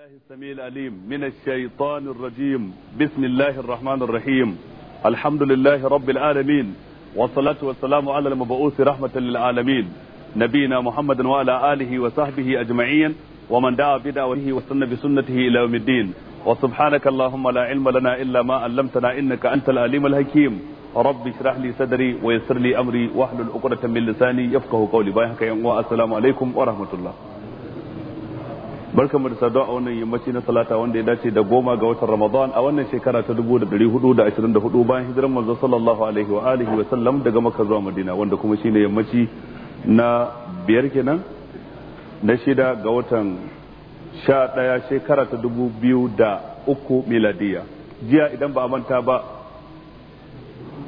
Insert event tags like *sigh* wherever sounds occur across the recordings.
الله السميع العليم من الشيطان الرجيم بسم الله الرحمن الرحيم الحمد لله رب العالمين والصلاة والسلام على المبعوث رحمة للعالمين نبينا محمد وعلى آله وصحبه أجمعين ومن دعا بدعوته وسن بسنته إلى يوم الدين وسبحانك اللهم لا علم لنا إلا ما علمتنا إنك أنت العليم الحكيم رب اشرح لي صدري ويسر لي أمري واحلل عقدة من لساني يفقه قولي بايحك يا السلام عليكم ورحمة الله barkamu da saduwa a wannan yammaci na salata wanda ya dace da goma ga watan ramadan a wannan shekara ta dubu da dari hudu da ashirin da hudu bayan hijiran manzo sallallahu alaihi wa alihi wa sallam daga maka zuwa madina wanda kuma shine yammaci na biyar kenan na shida ga watan sha daya shekara ta dubu biyu da uku miladiya jiya idan ba a manta ba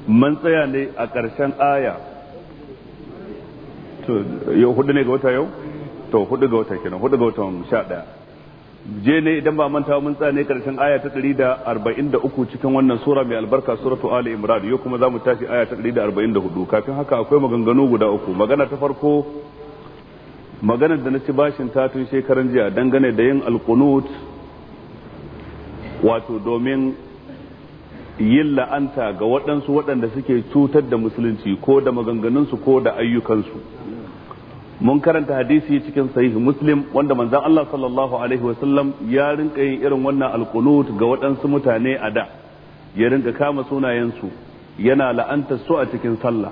man tsaya ne a ƙarshen aya to yau hudu ne ga wata yau to hudu ga wata kenan hudu ga wata sha daya je ne idan ba manta mun tsane karshen aya ta ɗari cikin wannan sura mai albarka suratu ali imran yau kuma za mu tashi aya ta ɗari kafin haka akwai maganganu guda uku magana ta farko maganar da na ci bashin ta tun shekaran jiya dangane da yin alkunut wato domin yin la'anta ga waɗansu waɗanda suke cutar da musulunci ko da maganganunsu ko da ayyukansu mun karanta hadisi cikin sahih muslim wanda manzan Allah sallallahu alaihi wasallam ya rinka yin irin wannan alqunut ga waɗansu mutane a da ya rinka kama sunayensu yana la'anta su a cikin sallah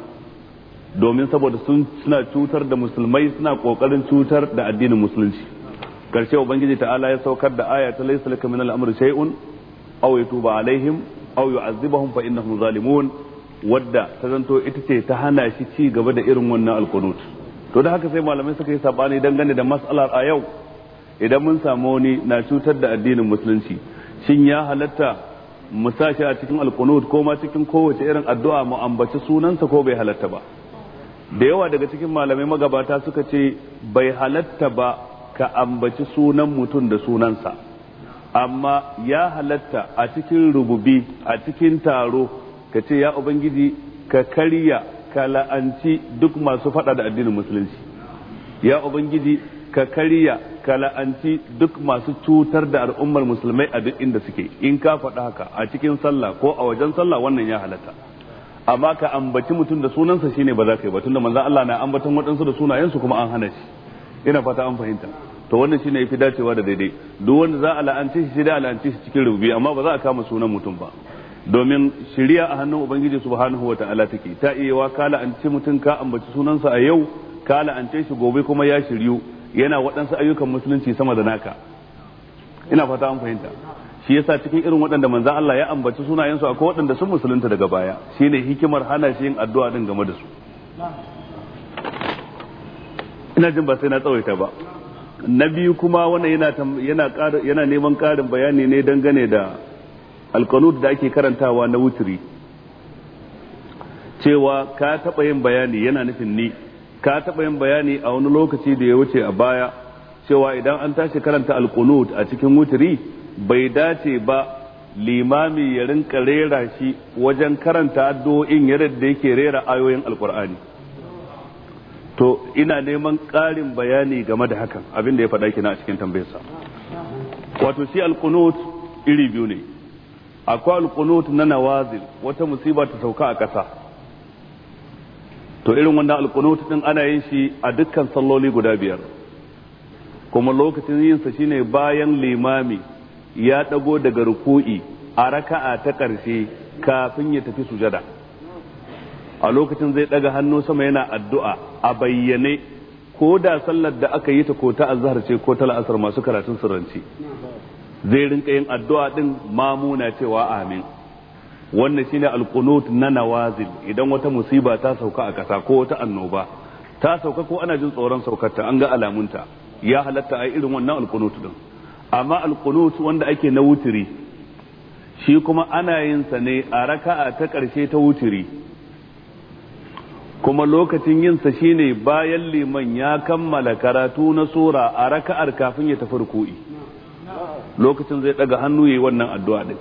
domin saboda sun suna cutar da musulmai suna kokarin cutar da addinin musulunci karshe ubangiji ta'ala ya saukar da aya ta laysa laka min al-amri shay'un aw yatuba alaihim aw yu'azzibahum fa innahum zalimun wadda ta zanto ita ce ta hana shi ci gaba da irin wannan alqunut to da haka sai malamai suka yi sabani dangane da matsalar a yau idan mun samu wani na cutar da addinin musulunci shin ya halatta mu a cikin alkunut ko ma cikin kowace irin addu'a mu ambaci sunansa ko bai halatta ba da yawa daga cikin malamai magabata suka ce bai halatta ba ka ambaci sunan mutum da sunansa amma ya halatta a cikin rububi a cikin taro ka ce ya ubangiji ka karya ka la'anci duk masu fada da addinin musulunci ya ubangiji ka kariya ka la'anci duk masu cutar da al'ummar musulmai a duk inda suke in ka faɗa haka a cikin sallah ko a wajen sallah wannan ya halatta amma ka ambaci mutum da sunansa shine ba za ka yi ba tunda manzon Allah na ambaton waɗansu da sunayensu kuma an hana shi ina fata an fahimta to wannan shine yafi dacewa da daidai duk wanda za a la'anci shi sai da la'anci shi cikin rubi amma ba za a kama sunan mutum ba domin shari'a a hannun ubangiji subhanahu wa ta'ala take ta iya wa kala an ce mutum ka ambaci sunansa a yau kala an ce shi gobe kuma ya shiryu yana waɗansu ayyukan musulunci sama da naka ina fata an fahimta shi yasa cikin irin waɗanda manzan Allah ya ambaci sunayensu akwai waɗanda sun musulunta daga baya shine hikimar hana shi yin addu'a din game da su ina jin ba sai na tsawaita ba na biyu kuma wannan yana yana neman ƙarin bayani ne dangane da alkanut da ake karantawa na wuturi cewa ka taɓa yin bayani yana nufin ni ka taɓa yin bayani a wani lokaci da ya wuce a baya cewa idan an tashi karanta alkunut a cikin wuturi bai dace ba limami ya rinka rera shi wajen karanta addu'o'in yare da yake rera ayoyin alkur'ani to ina neman ƙarin bayani game da hakan abin da ya faɗa kina a cikin tambayarsa wato shi alkunut iri biyu ne akwai alkunut na nawazil wata musiba ta sauka a ƙasa to irin wannan alkunut din ana yin shi a dukkan salloli guda biyar kuma lokacin yin sa shine bayan limami ya dago daga ruku'i a raka'a ta ƙarshe kafin ya tafi sujada a lokacin zai daga hannu sama yana addu'a a bayyane ko da sallar da aka yi ta ko ta azhar ce ko ta la'asar masu karatun surranci zai rinka yin addu'a din mamuna cewa amin wannan shine alqunut na nawazil idan wata musiba ta sauka a ƙasa ko wata annoba ta sauka ko ana jin tsoron saukarta an ga alamunta ya halatta a irin wannan alqunut ɗin. amma alqunut wanda ake na wutiri shi kuma ana yin sa ne a raka'a ta ƙarshe ta wutiri kuma lokacin yin sa shine bayan liman ya kammala karatu na sura a raka'ar kafin ya tafi ruku'i lokacin zai daga hannu yayi wannan addu'a din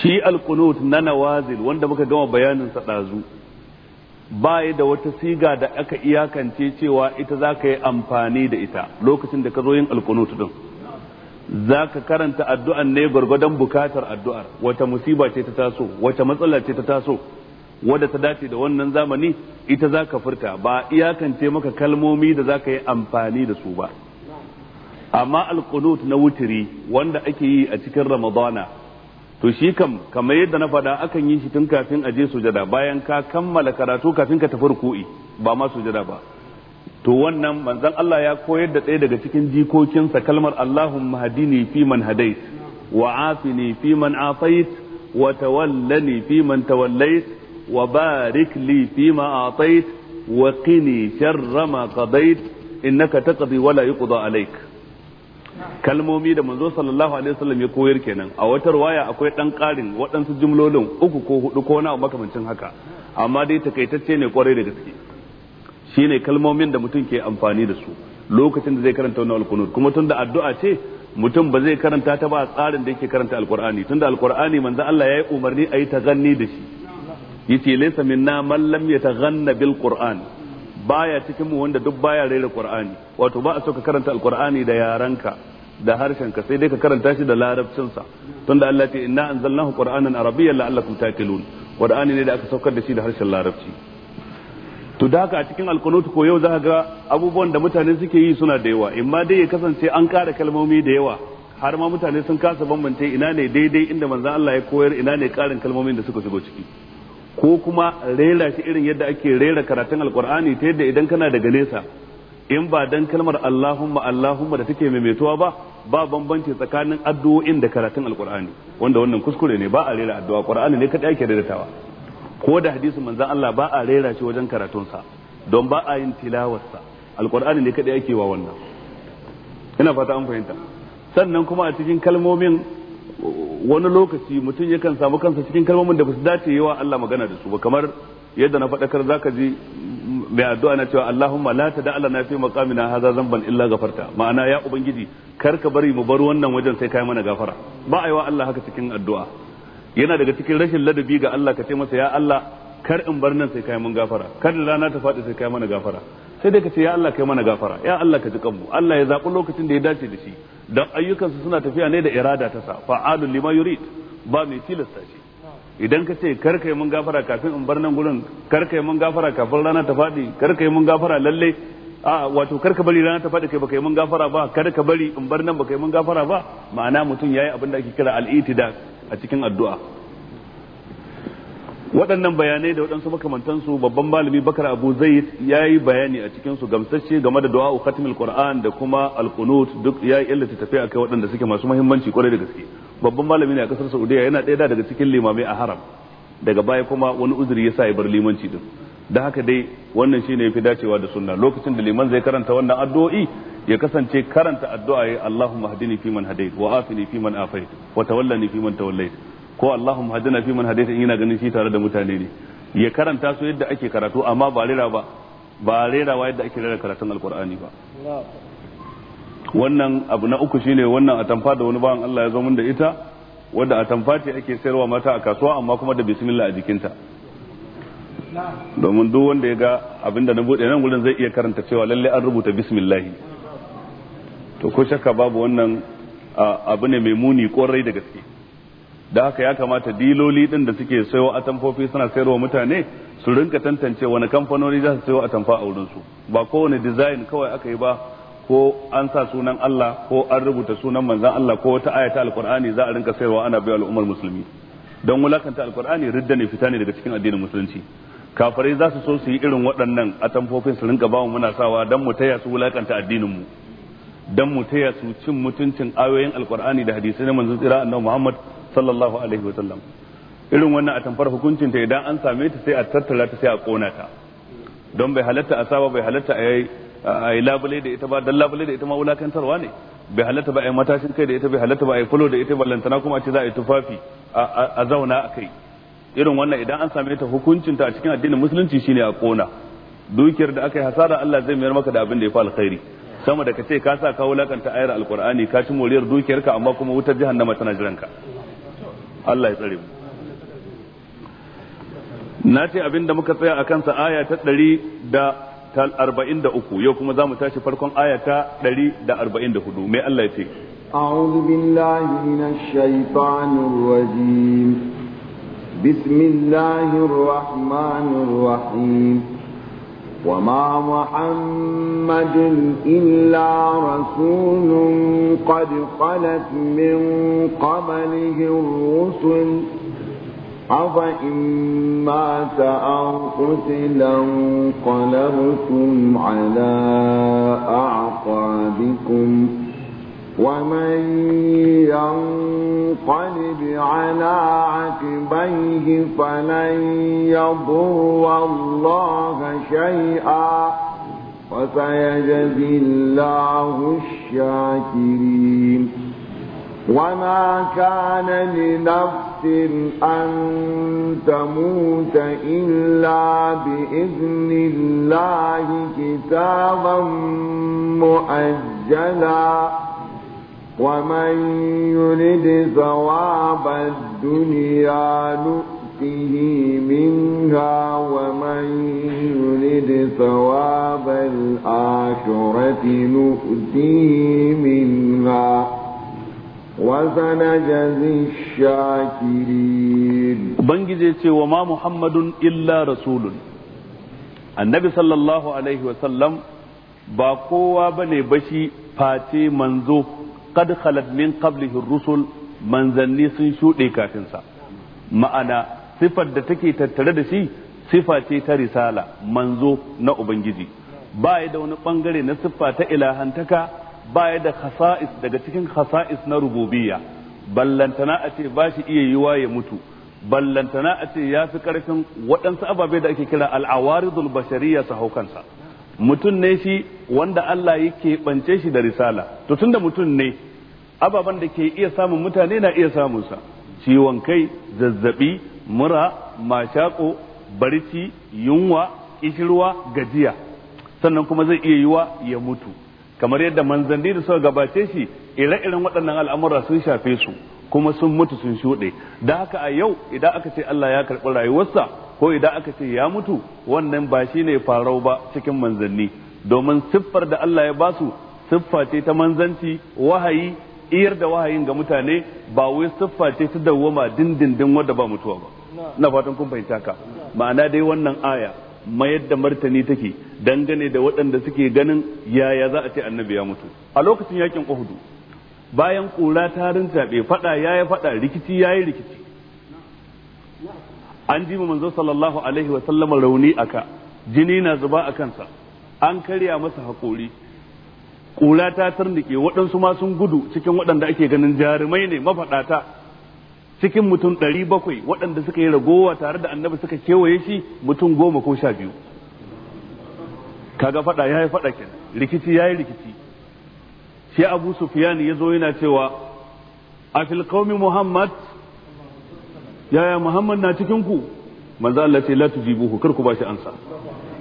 shi al-qunut na nawazil wanda muka gama bayanin sa dazu baya da wata siga da aka iyakance cewa ita zaka yi amfani da ita lokacin da ka zo yin al-qunut din zaka karanta addu'an ne gwargwadon bukatar addu'ar wata musiba ce ta taso wata matsala ce ta taso wadda ta dace da wannan zamani ita za ka furta ba iyakance maka kalmomi da za ka yi amfani da su ba amma alkunut na wutiri wanda ake yi a cikin ramadana to shi kam kamar yadda na faɗa akan yi shi tun kafin aje sujada bayan ka kammala karatu kafin ka tafi ruku'i ba ma sujada ba to wannan manzon Allah ya koyar da ɗaya daga cikin jikokinsa kalmar Allahumma hadini fi man hadait wa afini fi man afait wa tawallani fi man tawallait wa barik li fi ma atait wa qini sharra ma qadait innaka taqdi wa la yuqda alayka kalmomi da manzo sallallahu alaihi wasallam ya koyar kenan a wata waya akwai dan karin waɗansu jumlolin uku ko hudu ko na makamancin haka amma dai takaitacce ne kwarai da gaske shine kalmomin da mutum ke amfani da su lokacin da zai karanta wannan alqur'ani kuma tunda addu'a ce mutum ba zai karanta ta ba a tsarin da yake karanta alqur'ani tunda alqur'ani manzo Allah ya yi umarni a yi taganni da shi yace laysa minna man lam yataganna bil qur'an baya cikin mu wanda duk baya rera qur'ani wato ba a so ka karanta alqur'ani da yaranka da harshen ka sai dai ka karanta shi da larabcin sa tunda Allah ce inna anzalnahu qur'anan arabiyyan la'allakum taqilun qur'ani ne da aka saukar da shi da harshen larabci to da haka a cikin alkunutu ko yau za ga abubuwan da mutane suke yi suna da yawa imma dai ya kasance an kara kalmomi da yawa har ma mutane sun kasa bambance ina ne daidai inda manzon Allah ya koyar ina ne karin kalmomin da suka shigo ciki ko kuma rera shi irin yadda ake rera karatun alkur'ani ta yadda idan kana daga nesa in ba dan kalmar Allahumma Allahumma da take maimaituwa ba ba bambanci tsakanin addu'o'in da karatun alqur'ani wanda wannan kuskure ne ba a rera addu'a qur'ani ne kadai ake reratawa ko da hadisin manzon Allah ba a rera shi wajen karatunsa don ba a yin tilawarsa alqur'ani ne kadai ake wa wannan ina fata an fahimta sannan kuma a cikin kalmomin wani lokaci mutum yakan samu kansa cikin kalmomin da ba su dace yawa Allah magana da su ba kamar yadda na faɗakar zaka ji mai addu'a na cewa Allahumma la tada na fi maqamina zan zamban illa gafarta ma'ana ya ubangiji kar ka bari mu bar wannan wajen sai kai mana gafara ba a yi wa Allah haka cikin addu'a yana daga cikin rashin ladabi ga Allah ka ce masa ya Allah kar in bar nan sai kai mun gafara kar da rana ta faɗi sai kai mana gafara sai dai ka ce ya Allah kai mana gafara ya Allah ka ji kanmu Allah ya zaɓi lokacin da ya dace da shi dan ayyukansu suna tafiya ne da irada ta sa fa'alul lima yurid ba mai tilasta shi idan ka ce kar yi mun gafara kafin in bar nan gurin kar yi mun gafara kafin rana ta faɗi kar yi mun gafara lalle a wato kar ka bari rana ta faɗi kai baka yi mun gafara ba kar ka bari in bar nan baka yi mun gafara ba ma'ana mutum yayi abin da ake kira al-itida a cikin addu'a waɗannan bayanai da waɗansu makamantansu babban malami bakar abu zai ya yi bayani a cikinsu gamsashe game da du'a al qur'an da kuma alkunut duk ya yi illata tafi kai waɗanda suke masu mahimmanci kwarai da gaske babban malami ne a kasar saudiya yana ɗaya daga cikin limamai a haram daga baya kuma wani uzuri ya sa ya bar limanci din da haka dai wannan shine fi dacewa da sunna lokacin da liman zai karanta wannan addu'o'i ya kasance karanta addu'a ya Allahumma hadini fi man hadai, wa afini fi man afai, wa tawallani fi man tawallai. ko Allahum hadina fi man hadaita in yana ganin shi tare da mutane ne ya karanta su yadda ake karatu amma ba rera ba ba rerawa yadda ake rera karatun alkur'ani ba wannan abu na uku shine wannan atamfa da wani bawan Allah ya zo mun da ita wadda atamfa ce ake sayarwa mata a kasuwa amma kuma da bismillah a jikinta domin duk wanda ya ga abinda na bude nan gurin zai iya karanta cewa lalle an rubuta bismillah to ko shakka babu wannan abu ne mai muni kwarai da gaske da haka ya kamata diloli din da suke sayo atamfofi suna sayarwa mutane su rinka tantance wani kamfanoni za su sayo atamfa a wurin su ba kowane design kawai aka yi ba ko an sa sunan Allah ko an rubuta sunan manzan Allah ko wata aya alkur'ani za a rinka sayarwa ana bai al'ummar musulmi don wulakanta alkur'ani ridda ne fita ne daga cikin addinin musulunci kafirai za su so su yi irin waɗannan atamfofin su rinka bamu muna sawa dan mu taya su wulakanta addinin mu dan mu taya su cin mutuncin ayoyin alkurani da hadisai na manzon tsira annabi Muhammad sallallahu alaihi wa sallam irin wannan a tamfar hukuncin ta idan an same ta sai a tattara ta sai a kona ta don bai halatta a saba bai halatta a yi labule da ita ba dan labule da ita ma wulakantarwa ne bai halatta ba a yi matashin kai da ita bai halatta ba a yi fulo da ita ballantana kuma a ce za a yi tufafi a zauna a kai irin wannan idan an same ta hukuncin ta a cikin addinin musulunci shine a kona dukiyar da aka yi hasara Allah zai mayar maka da abin da ya fi alkhairi sama da ka ce ka sa ka wulakanta ayar alkur'ani ka ci moriyar dukiyarka amma kuma wutar jahannama tana jiranka Allah ya tsare mu na ce abin da muka tsaya a kansa aya ta 143 arba'in da uku yau kuma za mu tashi farkon aya ta 144 da arba'in da hudu mai Allah ya ce أعوذ بالله من الشيطان الرجيم بسم الله الرحمن الرحيم وما محمد إلا رسول قد خلت من قبله الرسل أفإن مات أو قتل انقلبتم على أعقابكم ومن ينقلب على عقبيه فلن يضر الله شيئا وسيجزي الله الشاكرين وما كان لنفس أن تموت إلا بإذن الله كتابا مؤجلا ومن يرد ثواب الدنيا نؤته منها ومن يرد ثواب الآخرة نؤته منها وسنجزي الشاكرين بنجزي وما محمد إلا رسول النبي صلى الله عليه وسلم ba بني بشي فاتي منزوه qad khalat min qablihi rusul manzanni sun shuɗe kafin sa ma'ana sifar da take tattare da shi sifa ce ta risala manzo na ubangiji ba ya da wani ɓangare na siffa ta ilahantaka ba ya da khasa'is daga cikin khasa'is na rububiyya ballantana a ce ba shi iya yiwa ya mutu ballantana a ce ya fi karfin waɗansu ababe da ake kira al'awaridul bashariya su haukansa mutum ne shi wanda Allah yake bance shi da risala to tunda mutum ne ababen da ke iya samun mutane na iya samun sa ciwon kai zazzabi mura mashako barci yunwa kishirwa gajiya sannan kuma zai iya yiwa ya mutu kamar yadda manzanni da suka gabace shi ire-iren waɗannan al'amura sun shafe su kuma sun mutu sun shuɗe da haka a yau idan aka ce Allah ya karɓi rayuwarsa ko idan aka ce ya mutu wannan ba shi ne farau ba cikin manzanni domin siffar da Allah ya basu siffa ce ta manzanci wahayi iyar da wahayin ga mutane ba wai siffa ce ta dawwama dindindin wadda ba mutuwa ba na fatan kun fahimta ka ma'ana dai wannan aya mayar da martani take dangane da waɗanda suke ganin yaya za a ce annabi ya mutu a lokacin yakin uhudu bayan ƙura ta rintaɓe faɗa ya yi faɗa rikici ya yi rikici an ji manzo sallallahu alaihi wa sallama rauni aka jini na zuba a kansa an karya masa haƙori ƙura ta tarnike waɗansu ma sun gudu cikin waɗanda ake ganin jarumai ne mafaɗata cikin mutum ɗari bakwai waɗanda suka yi ragowa tare da annabi suka kewaye shi mutum goma ko sha biyu kaga faɗa ya yi faɗa kenan rikici ya yi rikici sai abu sufyan ya zo yana cewa a fil qaumi muhammad yaya muhammad na cikin ku manzo Allah ce la tujibuhu kar ku bashi ansa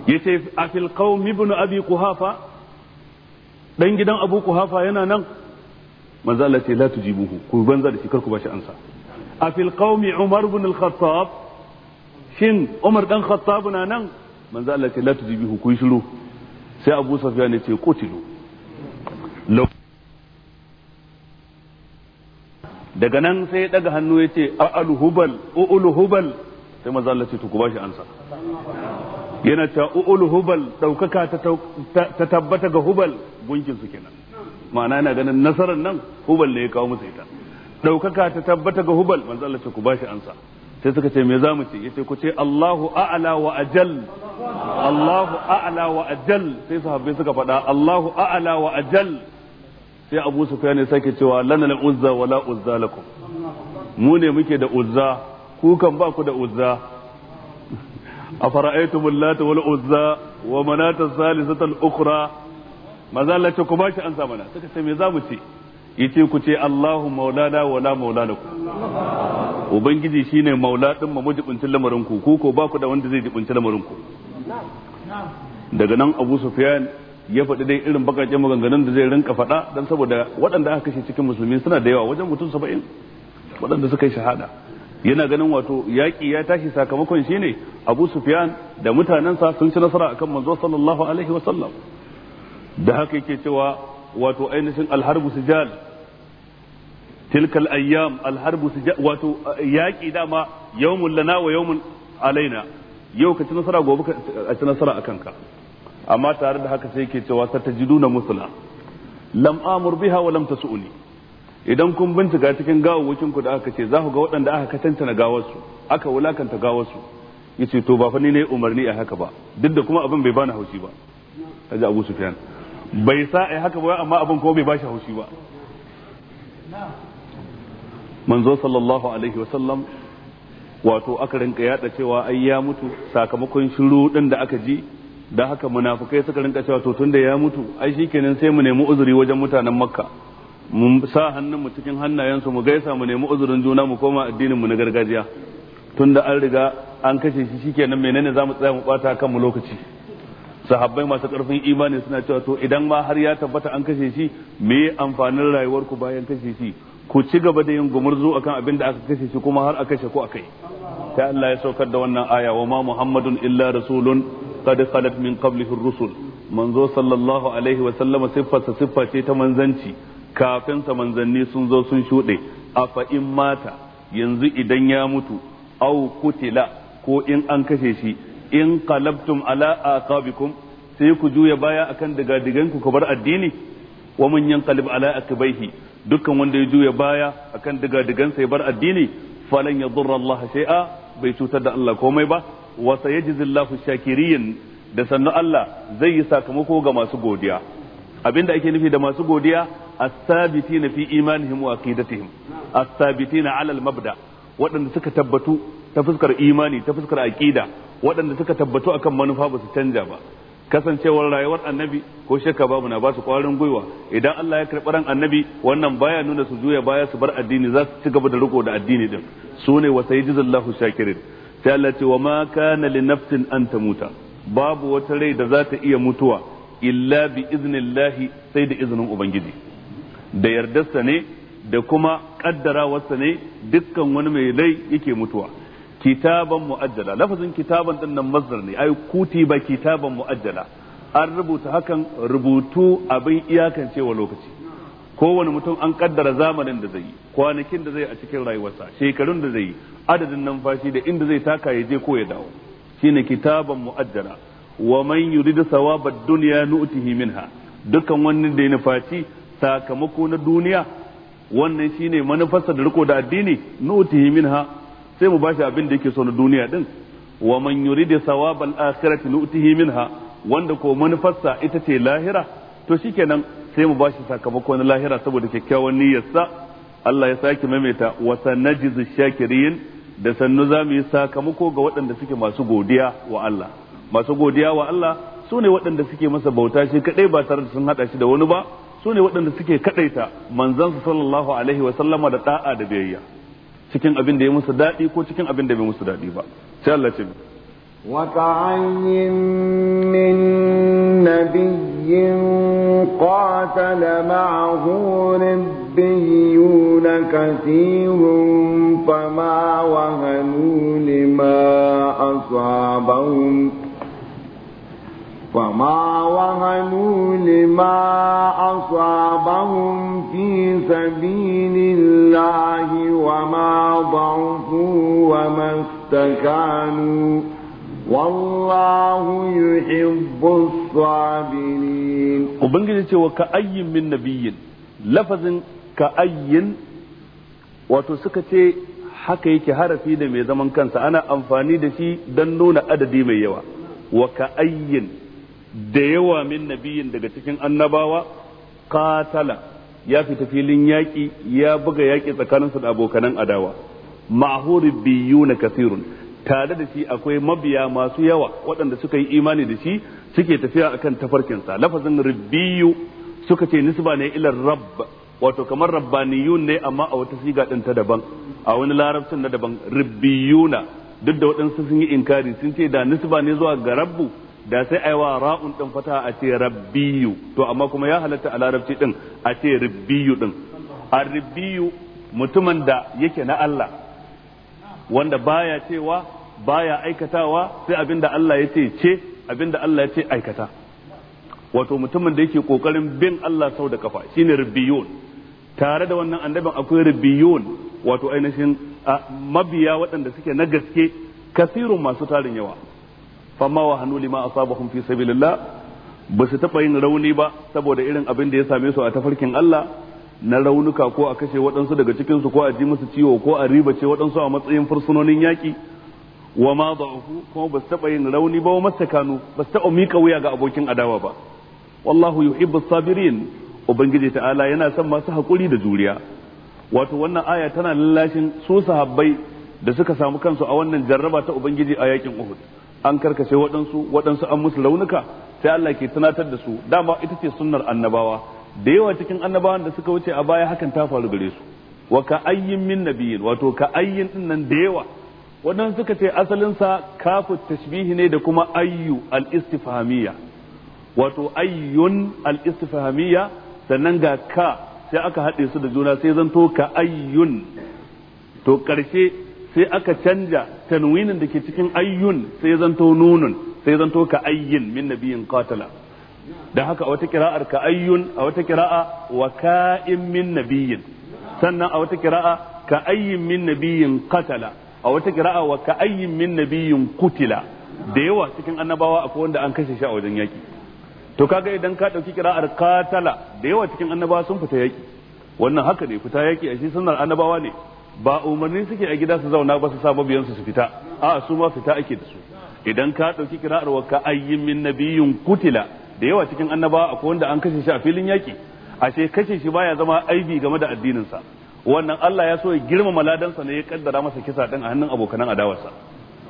yace a fil qaumi ibn abi quhafa dan gidan abu quhafa yana nan manzo Allah ce la tujibuhu ku banza da shi kar ku bashi ansa a fil umar ibn al-khattab shin umar dan khattab na nan manzo Allah ce la tujibuhu ku shiru sai abu sufyan ya ce qutilu daga nan sai ya daga hannu ya ce a'al hubal u'ul hubal sai maza Allah to ku bashi ansa yana ta u'ul hubal daukaka ta tabbata ga hubal gunkin su kenan ma'ana yana ganin nasarar nan hubal ne ya kawo musu ita daukaka ta tabbata ga hubal manzo Allah ce ku bashi ansa sai suka ce me za mu ce ce ku ce Allahu a'ala wa ajal Allahu a'ala wa ajal sai sahabbai suka faɗa Allahu a'ala wa ajal sai abu sufyan ya sake cewa lana la uzza wala uzza lakum mu ne muke da uzza ku kan ba ku da uzza *laughs* afara'aytum lata wal uzza wa manata salisata al ukhra maza Allah ce ku bashi an samana mana suka ce me za mu ce yace ku ce Allahu maulana wala Maulana ku ubangiji shine maula din mu jibincin lamarin ku ku ko ba ku da wanda zai jibincin lamarin ku daga nan Abu Sufyan ya faɗi dai irin bakaƙen maganganun da zai rinka faɗa don saboda waɗanda aka kashe cikin musulmi suna da yawa wajen mutum saba'in waɗanda suka yi shahada yana ganin wato yaƙi ya tashi sakamakon shi ne abu sufyan da mutanensa sun ci nasara akan manzo sallallahu alaihi wa sallam da haka yake cewa wato ainihin alharbu sijal tilkal ayyam alharbu sijal wato yaƙi dama yawmun lana wa yawmun alaina yau ka ci nasara gobe ka ci nasara akan ka amma tare da haka sai ke cewa satajiduna musula lam amur biha wa lam tasuni idan kun bincika cikin gawawwakin ku da aka ce za ku ga waɗanda aka katanta na gawarsu aka wulakanta gawarsu yace to ba fa ni ne umarni a haka ba duk da kuma abin bai bani haushi ba kaji Abu Sufyan bai sa ai haka ba amma abin kuma bai bashi haushi ba manzo sallallahu alaihi wa sallam wato aka rinka yada cewa ai ya mutu sakamakon shiru din da aka ji da haka munafukai suka rinka cewa to tunda ya mutu ai shikenan sai mu nemi uzuri wajen mutanen makka mu sa hannun mu cikin hannayensu mu gaisa mu nemi uzurin juna mu koma addinin mu na gargajiya tunda an riga an kashe shi shikenan menene zamu tsaya mu bata kanmu lokaci sahabbai masu karfin imani suna cewa to idan ma har ya tabbata an kashe shi me amfanin rayuwar ku bayan kashe shi ku ci gaba da yin gumurzu akan abin da aka kashe shi kuma har a kashe ku akai sai Allah ya saukar da wannan aya wa ma Muhammadun illa rasulun qad khalat min qablihi ar-rusul manzo sallallahu alaihi wa sallama siffarsa ta manzanci kafin sa manzanni sun zo sun shuɗe a in mata yanzu idan ya mutu aw kutila ko in an kashe shi in qalabtum ala aqabikum sai ku juya baya akan daga diganku ku bar addini wa man yanqalib ala aqibaihi dukkan wanda ya juya baya akan daga digansa ya bar addini falan yadurra Allah shay'a bai cutar da Allah komai ba wa sayajizillahu shakirin da sannu Allah zai yi sakamako ga masu godiya abinda ake nufi da masu godiya as-sabitina fi imanihim wa aqidatihim as-sabitina ala al-mabda waɗanda suka tabbatu ta fuskar imani ta fuskar aqida waɗanda suka tabbatu akan manufa ba su canja ba kasancewar rayuwar annabi ko shakka babu na ba su kwarin gwiwa idan Allah ya karɓi ran annabi wannan baya nuna su juya baya su bar addini za su ci gaba da riko da addini din Sune ne wa shakirin sai Allah ce wa ma kana li nafsin an tamuta babu wata rai da za ta iya mutuwa illa bi iznillahi sai da izinin ubangiji da yardarsa ne da kuma kaddarawarsa ne dukkan wani mai rai yake mutuwa kitaban mu'ajjala lafazin kitaban din nan mazdar ne ai kuti ba kitaban mu'ajjala an rubuta hakan rubutu abin iyakancewa lokaci kowane mutum an kaddara zamanin da zai yi kwanakin da zai a cikin rayuwarsa shekarun da zai yi adadin numfashi da inda zai taka ya je ko ya dawo shine kitaban mu'ajjala wa man yuridu thawaba dunya nu'tihi minha dukkan wani da ya nufaci sakamako na duniya wannan shine manufarsa da riko da addini nu'tihi minha sai mu bashi abin da yake so na duniya din wa man yuridu thawaba al-akhirati nu'tihi minha wanda ko manufarsa ita ce lahira to shikenan sai mu bashi sakamako na lahira saboda kyakkyawan niyyarsa Allah ya sake maimaita wa sanajizu shakirin da sannu za mu yi sakamako ga waɗanda suke masu godiya wa Allah masu godiya wa Allah su ne waɗanda suke masa bauta shi kaɗai ba tare da sun haɗa shi da wani ba su ne waɗanda suke kaɗaita manzansu sallallahu alaihi wa sallama da ɗa'a da biyayya cikin abin da ya musu daɗi ko cikin abin da bai musu daɗi ba sai Allah ce ka'ayyin min nabiyyin قاتل معه ربيون كثير فما وهنوا لما أصابهم فما وهنوا لما أصابهم في سبيل الله وما ضعفوا وما استكانوا wallahu yuhibbu sabirin ubangiji cewa ka ayyin min nabiyyin lafazin ka ayyin wato suka ce haka yake harafi da mai zaman kansa ana amfani da shi don nuna adadi mai yawa wa ka ayyin da yawa min nabiyin daga cikin annabawa katala ya fita filin yaƙi ya buga yaƙi tsakaninsu da abokanan adawa ma'ahuri biyu na kasirun tare da shi akwai mabiya masu yawa waɗanda suka yi imani da shi suke tafiya akan tafarkinsa lafazin rabbiyu suka ce nisba ne ilar rabb wato kamar rabbaniyun ne amma a wata siga ɗin ta daban a wani larabcin na daban rabbiyuna duk da waɗansu sun yi inkari sun ce da nisba ne zuwa ga rabbu da sai aiwa ra'un ɗin fata a ce rabbiyu to amma kuma ya halatta a larabci ɗin a ce rabbiyu ɗin a mutumin da yake na Allah wanda baya cewa baya aikatawa sai abinda Allah ya ce ce abinda Allah ya ce aikata wato mutumin da yake kokarin bin Allah sau da kafa shine rubiyun tare da wannan annabin akwai rubiyun wato ainihin mabiya waɗanda suke na gaske kasirun masu tarin yawa famma wa hannu lima asabahum fi sabilillah ba su taɓa yin rauni ba saboda irin abin da ya same su a tafarkin Allah na raunuka ko a kashe waɗansu daga cikinsu ko a ji musu ciwo ko a ribace waɗansu a matsayin fursunonin yaƙi wa ma da'ufu kuma ba su taɓa yin rauni ba wa masakanu ba su taɓa mika wuya ga abokin adawa ba wallahu yuhibbu sabirin ubangiji ta'ala yana son masu hakuri da juriya wato wannan aya tana lallashin su sahabbai da suka samu kansu a wannan jarraba ta ubangiji a yakin uhud an karkashe waɗansu waɗansu an musu launuka sai Allah ke tunatar da su dama ita ce sunnar annabawa da yawa cikin annabawan da suka wuce a baya hakan ta faru gare su wa ka ayyin min nabiyin wato ka ayyin din nan da yawa waɗansu suka ce asalinsa kafu tashbihi ne da kuma ayyu al-istifhamiyya wato ayyun al-istifhamiyya sannan ga ka sai aka haɗe su da juna sai zanto ka ayyun to ƙarshe sai aka canja tanwinin da ke cikin ayyun sai zanto nunun sai zanto ka ayyin min nabiyin qatala da haka a wata kira'ar ka ayyun a wata kira'a wa ka'im min nabiyin sannan a wata kira'a ka ayyin min nabiyin qatala a wata kira'a wa ka ayyin min biyun kutila da yawa cikin annabawa akwai wanda an kashe shi a wajen yaki to kaga idan ka dauki kira'ar katala da yawa cikin annabawa sun fita yaki wannan haka ne fita yaki a shi sunnar annabawa ne ba umarni suke a gida su zauna ba su sa mabiyansu su fita a su ma fita ake da su idan ka ɗauki kira'ar wa ka ayyin min biyun kutila da yawa cikin annabawa akwai wanda an kashe shi a filin yaki ashe kashe shi baya zama aibi game da addinin sa wannan Allah ya so ya girmama ladansa ne ya kaddara masa kisa din a hannun abokanan adawarsa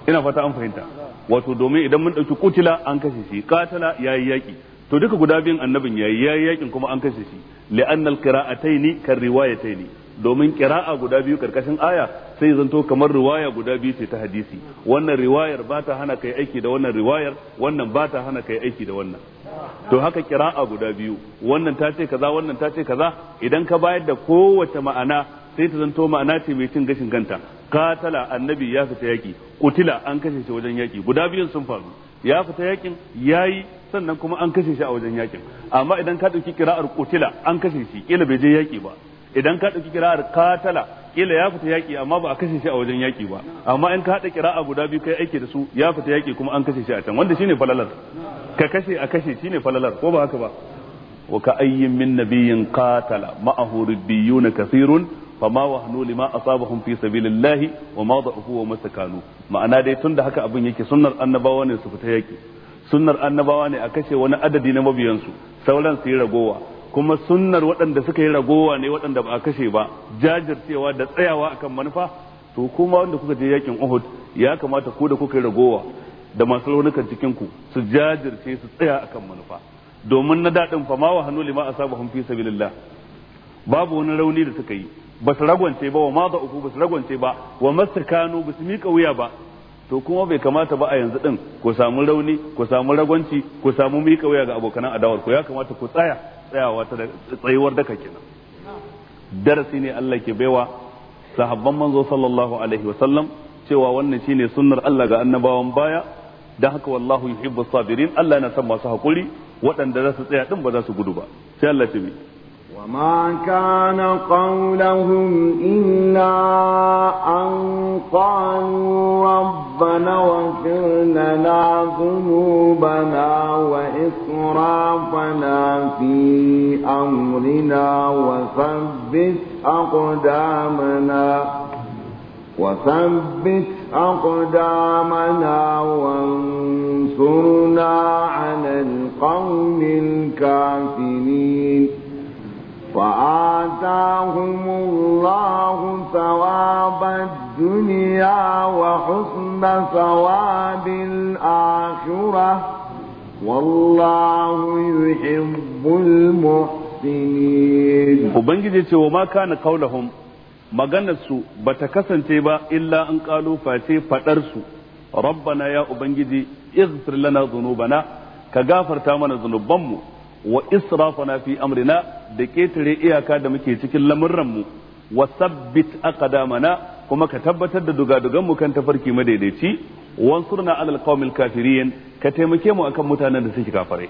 ina fata an fahimta wato domin idan mun ɗauki kutila an kashe shi ya yayi yaki to duka guda biyun annabin yayi yayi yakin kuma an kashe shi li'annal qira'ataini kan riwayataini domin kira'a guda biyu karkashin aya sai zanto kamar riwaya guda biyu ce ta hadisi wannan riwayar ba ta hana kai aiki da wannan riwayar wannan ba ta hana kai aiki da wannan to haka kira'a guda biyu wannan ta ce kaza wannan ta ce kaza idan ka bayar da kowace ma'ana sai ta zanto ma'ana ce mai cin gashin kanta katala annabi ya fita yaki kutila an kashe shi wajen yaki guda biyun sun faru ya fita yakin yayi sannan kuma an kashe shi a wajen yakin amma idan ka dauki kira'ar kutila an kashe shi kila bai je yaki ba idan ka ɗauki kira'ar katala kila ya fita yaƙi amma ba a kashe shi a wajen yaƙi ba amma in ka haɗa kira'a guda biyu kai aiki da su ya fita yaƙi kuma an kashe shi a can wanda shine falalar ka kashe a kashe shine falalar ko ba haka ba wa ka ayyin min nabiyyin qatala ma'ahu wa kathirun ma wahnu lima asabahum fi sabilillahi wa ma da'ufu wa mastakanu ma'ana dai tunda haka abin yake sunnar annabawa ne su fita yaƙi sunnar annabawa ne a kashe wani adadi na mabiyansu sauran su yi ragowa kuma sunnar waɗanda suka yi ragowa ne waɗanda ba a kashe ba jajircewa da tsayawa akan manufa to kuma wanda kuka je yakin Uhud ya kamata ku da kuka yi ragowa da masu raunukan cikin ku su jajirce su tsaya akan manufa domin na daɗin fama wa hannu lima a asabahum fi sabilillah babu wani rauni da suka yi ba su ragwance ba wa maza uku ba su ragwance ba wa mastakanu ba su miƙa wuya ba to kuma bai kamata ba a yanzu ɗin ku samu rauni ku samu ragwanci ku samu miƙa wuya ga abokanan adawar ku ya kamata ku tsaya tsayawa ta tsayuwar daka kenan darasi ne Allah ke baiwa sahabban manzo sallallahu alaihi wa sallam cewa wannan shine sunnar Allah ga annabawan baya dan haka wallahu yuhibbu sabirin Allah yana son masu hakuri waɗanda za su tsaya din ba za su gudu ba sai Allah ce وما كان قولهم إلا أن قالوا ربنا واغفر لنا ذنوبنا وإسرافنا في أمرنا وثبت أقدامنا وثبت أقدامنا وانصرنا على القوم الكافرين فآتاهم الله ثواب الدنيا وحسن ثواب الآخرة والله يحب المحسنين وبنجي ce wa ma maganarsu ba ta kasance ba illa an ƙaluface face faɗarsu rabbana ya ubangiji izfir lana zunubana ka gafarta mana zunubanmu wa israfana fi amrina da ketare iyaka da muke cikin lamurranmu wa sabbit aqdamana kuma ka tabbatar da dugadugan mu kan tafarki madaidaici wansurna alal qawmil kafirin ka taimake mu akan mutanen da suke kafare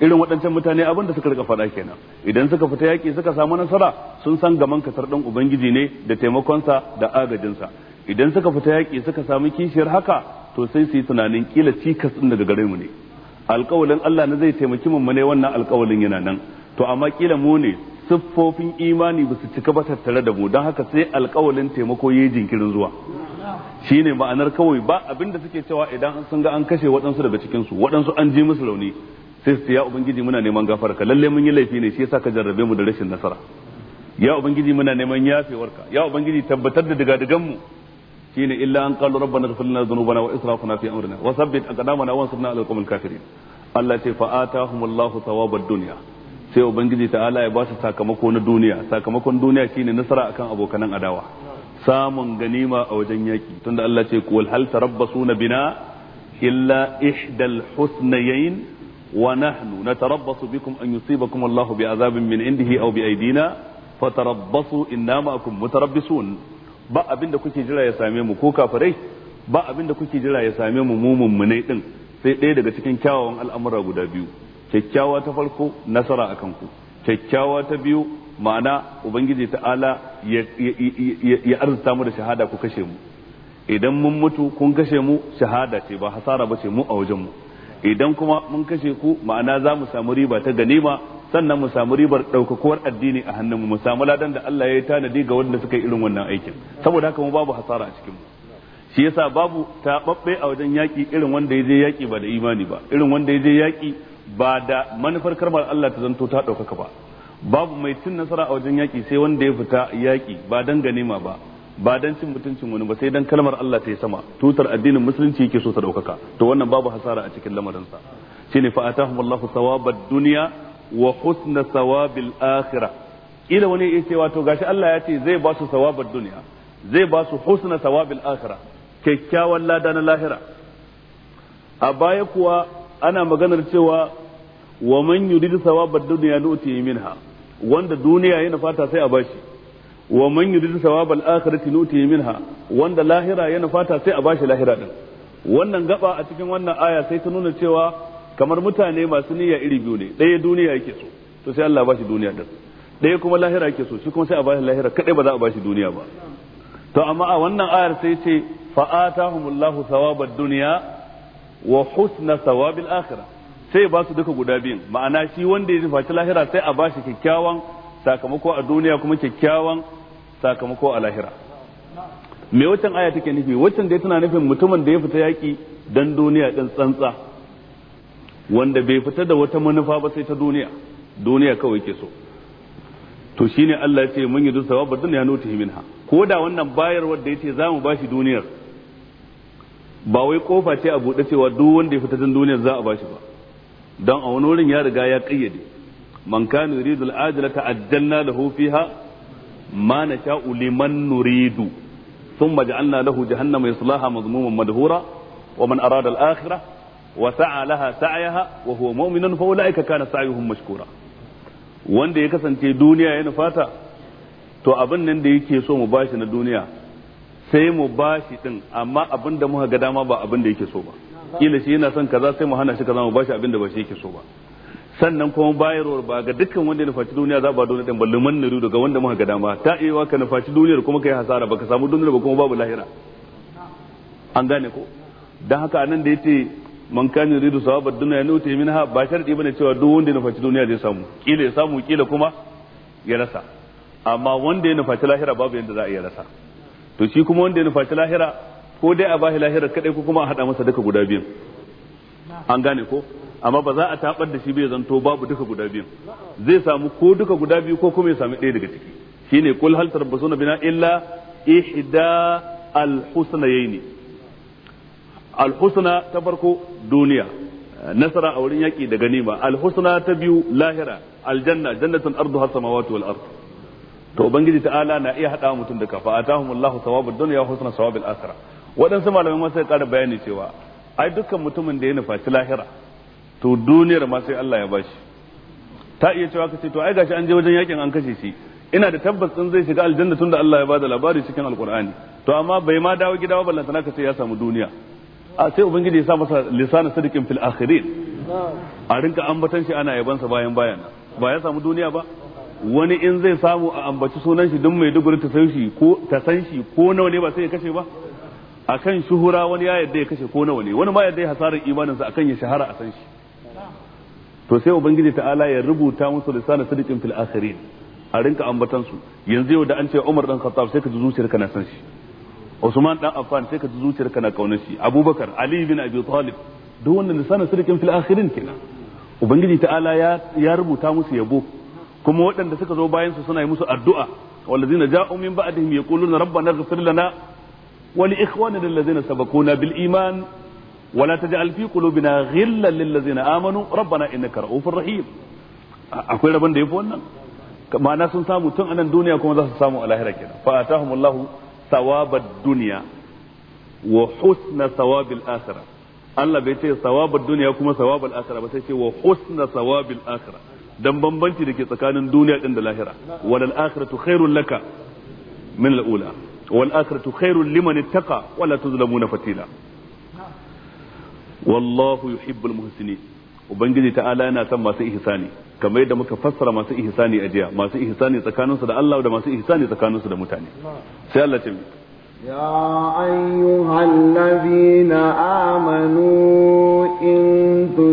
irin waɗancan mutane abin da suka rika faɗa kenan idan suka fita yaƙi suka samu nasara sun san gaman kasar ɗan ubangiji ne da taimakonsa da agajinsa idan suka fita yaƙi suka samu kishiyar haka to sai su yi tunanin kila cikas ɗin daga gare mu ne alƙawalin Allah na zai taimaki mu ne wannan alƙawalin yana nan to amma kila mu ne siffofin imani ba su cika ba tattare da mu don haka sai alƙawalin taimako yayi jinkirin zuwa Shi ne ma'anar kawai ba abinda suke cewa idan an sun ga an kashe waɗansu daga cikin su waɗansu an ji musu rauni sai su ya ubangiji muna neman gafarka lalle mun yi laifi ne shi yasa ka jarrabe mu da rashin nasara ya ubangiji muna neman yafewarka ya ubangiji tabbatar da diga mu shine illa an qalu rabbana ighfir lana dhunubana wa israfana fi amrina wa thabbit aqdamana wa ansurna ala alqawmil kafirin Allah ce fa atahumullahu thawabad dunya sai ubangiji ta'ala ya ba su sakamako na duniya sakamakon duniya shine nasara akan abokanan adawa samun ganima a wajen yaki tunda Allah ce qul hal tarabbasuna bina illa ihdal husnayayn wa nahnu natarabbasu bikum an yusibakum Allahu bi'azabin min indihi aw bi aydina fatarabbasu inna ma'akum mutarabbisun ba abinda kuke jira ya same mu ko kafirai ba abin da kuke jira ya same mu mu mummunai din sai ɗaya daga cikin kyawawan al'amura guda biyu kyakkyawa ta farko nasara a kanku kyakkyawa ta biyu ma'ana ubangiji ta'ala ya arzuta mu da shahada ku kashe mu idan mun mutu kun kashe mu shahada ce ba hasara ba ce mu a wajen mu idan kuma mun kashe ku ma'ana za mu samu riba ta ganima sannan mu samu ribar ɗaukakuwar addini a hannunmu mu samu ladan da Allah ya yi tanadi ga wanda suka yi irin wannan aikin saboda haka mu babu hasara a cikin mu shi yasa babu taɓaɓɓe a wajen yaki irin wanda ya je yaƙi ba da imani ba irin wanda ya je yaƙi ba da manufar karmar Allah ta zanto ta daukaka ba babu mai cin nasara a wajen yaki sai wanda ya fita yaki ba dan ganima ba ba dan cin mutuncin wani ba sai dan kalmar Allah ta yi sama tutar addinin musulunci yake so ta ɗaukaka to wannan babu hasara a cikin sa shine fa atahumullahu Allahu thawabad dunya wa husna sawabil akhirah ila wani ya ce wato gashi Allah ya ce zai ba su sawabar duniya zai ba su husna sawabil akhirah kyakkyawan lada na lahira a baya kuwa ana maganar cewa wa man yuridu sawabar duniya nu'ti minha wanda duniya yana fata sai a bashi wa man yuridu sawabal akhirati nuti minha wanda lahira yana fata sai a bashi lahira din wannan gaba a cikin wannan aya sai ta nuna cewa kamar mutane masu niyya iri biyu ne ɗaya duniya yake so to sai Allah ba shi duniya din ɗaya kuma lahira yake so shi kuma sai a ba shi lahira kadai ba za a ba shi duniya ba to amma a wannan ayar sai ce fa atahumullahu thawabad dunya wa husna thawabil akhirah sai ba su duka guda biyun ma'ana shi wanda ya faci lahira sai a ba shi kyakkyawan sakamako a duniya kuma kyakkyawan sakamako a lahira me wacan aya take nufi wacan da tana nufin mutumin da ya fita yaki dan duniya din tsantsa wanda bai fita da wata manufa ba sai ta duniya duniya kawai ke so to shine Allah ya ce mun yi dusawa ba dunya nuti minha ko da wannan bayar wanda yace za mu bashi duniyar ba wai kofa ce a buɗe cewa duk wanda ya fita tun duniyar za a bashi ba don a wani wurin ya riga ya kayyade man kana yuridu al-ajlata ajjalna lahu fiha ma nasha'u liman nuridu thumma ja'alna lahu jahannama yaslaha madhmuman madhura wa man arada al-akhirah wa sa'a laha sa'yaha wa huwa mu'minun fa ulaika kana sa'yuhum mashkura wanda ya kasance duniya ya nufata to abin nan da yake so mu bashi na duniya sai mu bashi din amma abin da muka ga dama ba abin da yake so ba kila shi yana son kaza sai mu hana shi kaza mu bashi abin da ba shi yake so ba sannan kuma bayarwar ba ga dukkan wanda ya nufaci duniya za ba dole din ballu man nuru daga wanda muka ga dama ta iya ka nufaci duniyar kuma kai hasara baka samu duniyar ba kuma babu lahira an gane ko dan haka anan da yace man kana yuridu sawabad dunya ya uti minha ba sharadi bane cewa duk wanda ya nufaci duniya zai samu kila ya samu kila kuma ya rasa amma wanda ya nufaci lahira babu yanda za a iya rasa to shi kuma wanda ya nufaci lahira ko dai a bashi lahira kadai ko kuma a hada masa duka guda biyun an gane ko amma ba za a tabar da shi bai zanto babu duka guda biyun zai samu ko duka guda biyu ko kuma ya sami ɗaya daga ciki shine kul hal tarabasuna bina illa ihda al-husnayni al-husna ta farko duniya nasara a wurin yaƙi da ganima alhusna ta biyu lahira aljanna jannatun arduha samawati wal ard to ubangiji ta'ala na iya hada mutum da kafa atahumullahu thawabud dunya wa husna thawabil akhirah wadansu malamai ma sai ƙara bayani cewa ai dukkan mutumin da ya nufaci lahira to duniyar ma sai Allah ya bashi ta iya cewa kace to ai gashi an je wajen yakin an kashe shi ina da tabbas din zai shiga aljanna tunda Allah ya bada labari cikin alqur'ani to amma bai ma dawo gida ba ballantana kace ya samu duniya sai ubangiji ya sa masa lisanin sadiqin fil akhirin a rinka ambatan shi ana yabansa bayan bayan ba ya samu duniya ba wani in zai samu a ambaci sunan shi duk mai duguri ta san shi ko ta san shi ko nawa ne ba sai ya kashe ba akan shuhura wani ya yadda ya kashe ko nawa ne wani ma yadda ya hasarar imaninsa akan ya shahara a san shi to sai ubangiji ta'ala ya rubuta musu lisanin sadiqin fil akhirin a rinka ambatan su yanzu yau da an ce Umar dan Khattab sai ka ji zuciyarka na san shi Usman dan Affan sai ka ji zuciyarka na kaunar shi Abubakar Ali bin Abi Talib duk wannan lisanin sirkin fil akhirin kenan ubangiji ta'ala ya ya rubuta musu yabo kuma waɗanda suka zo bayan su suna yi musu addu'a والذين جاءوا من بعدهم يقولون ربنا اغفر لنا ولإخواننا الذين سبقونا بالإيمان ولا تجعل في قلوبنا غلا للذين آمنوا ربنا إنك رؤوف رحيم akwai rabon da ya fi wannan ma'ana sun samu tun anan duniya kuma za su samu a lahira kenan fa atahum Allahu sawabar duniya wa husna sawabil Allah bai ce sawabar duniya kuma sawabil akhira ba sai ce wa husna sawabil akhira dan bambanci da ke tsakanin duniya din da lahira walal akhiratu khairul laka min al ula wal akhiratu khairul liman ittaqa wala tuzlamuna fatila wallahu yuhibbul muhsinin ubangiji ta'ala yana son masu ihsani kamar yadda muka fassara masu ihsani a jiya masu ihsani tsakaninsu da Allah da masu ihsani tsakaninsu da mutane sai Allah ce يا أيها الذين آمنوا إن ku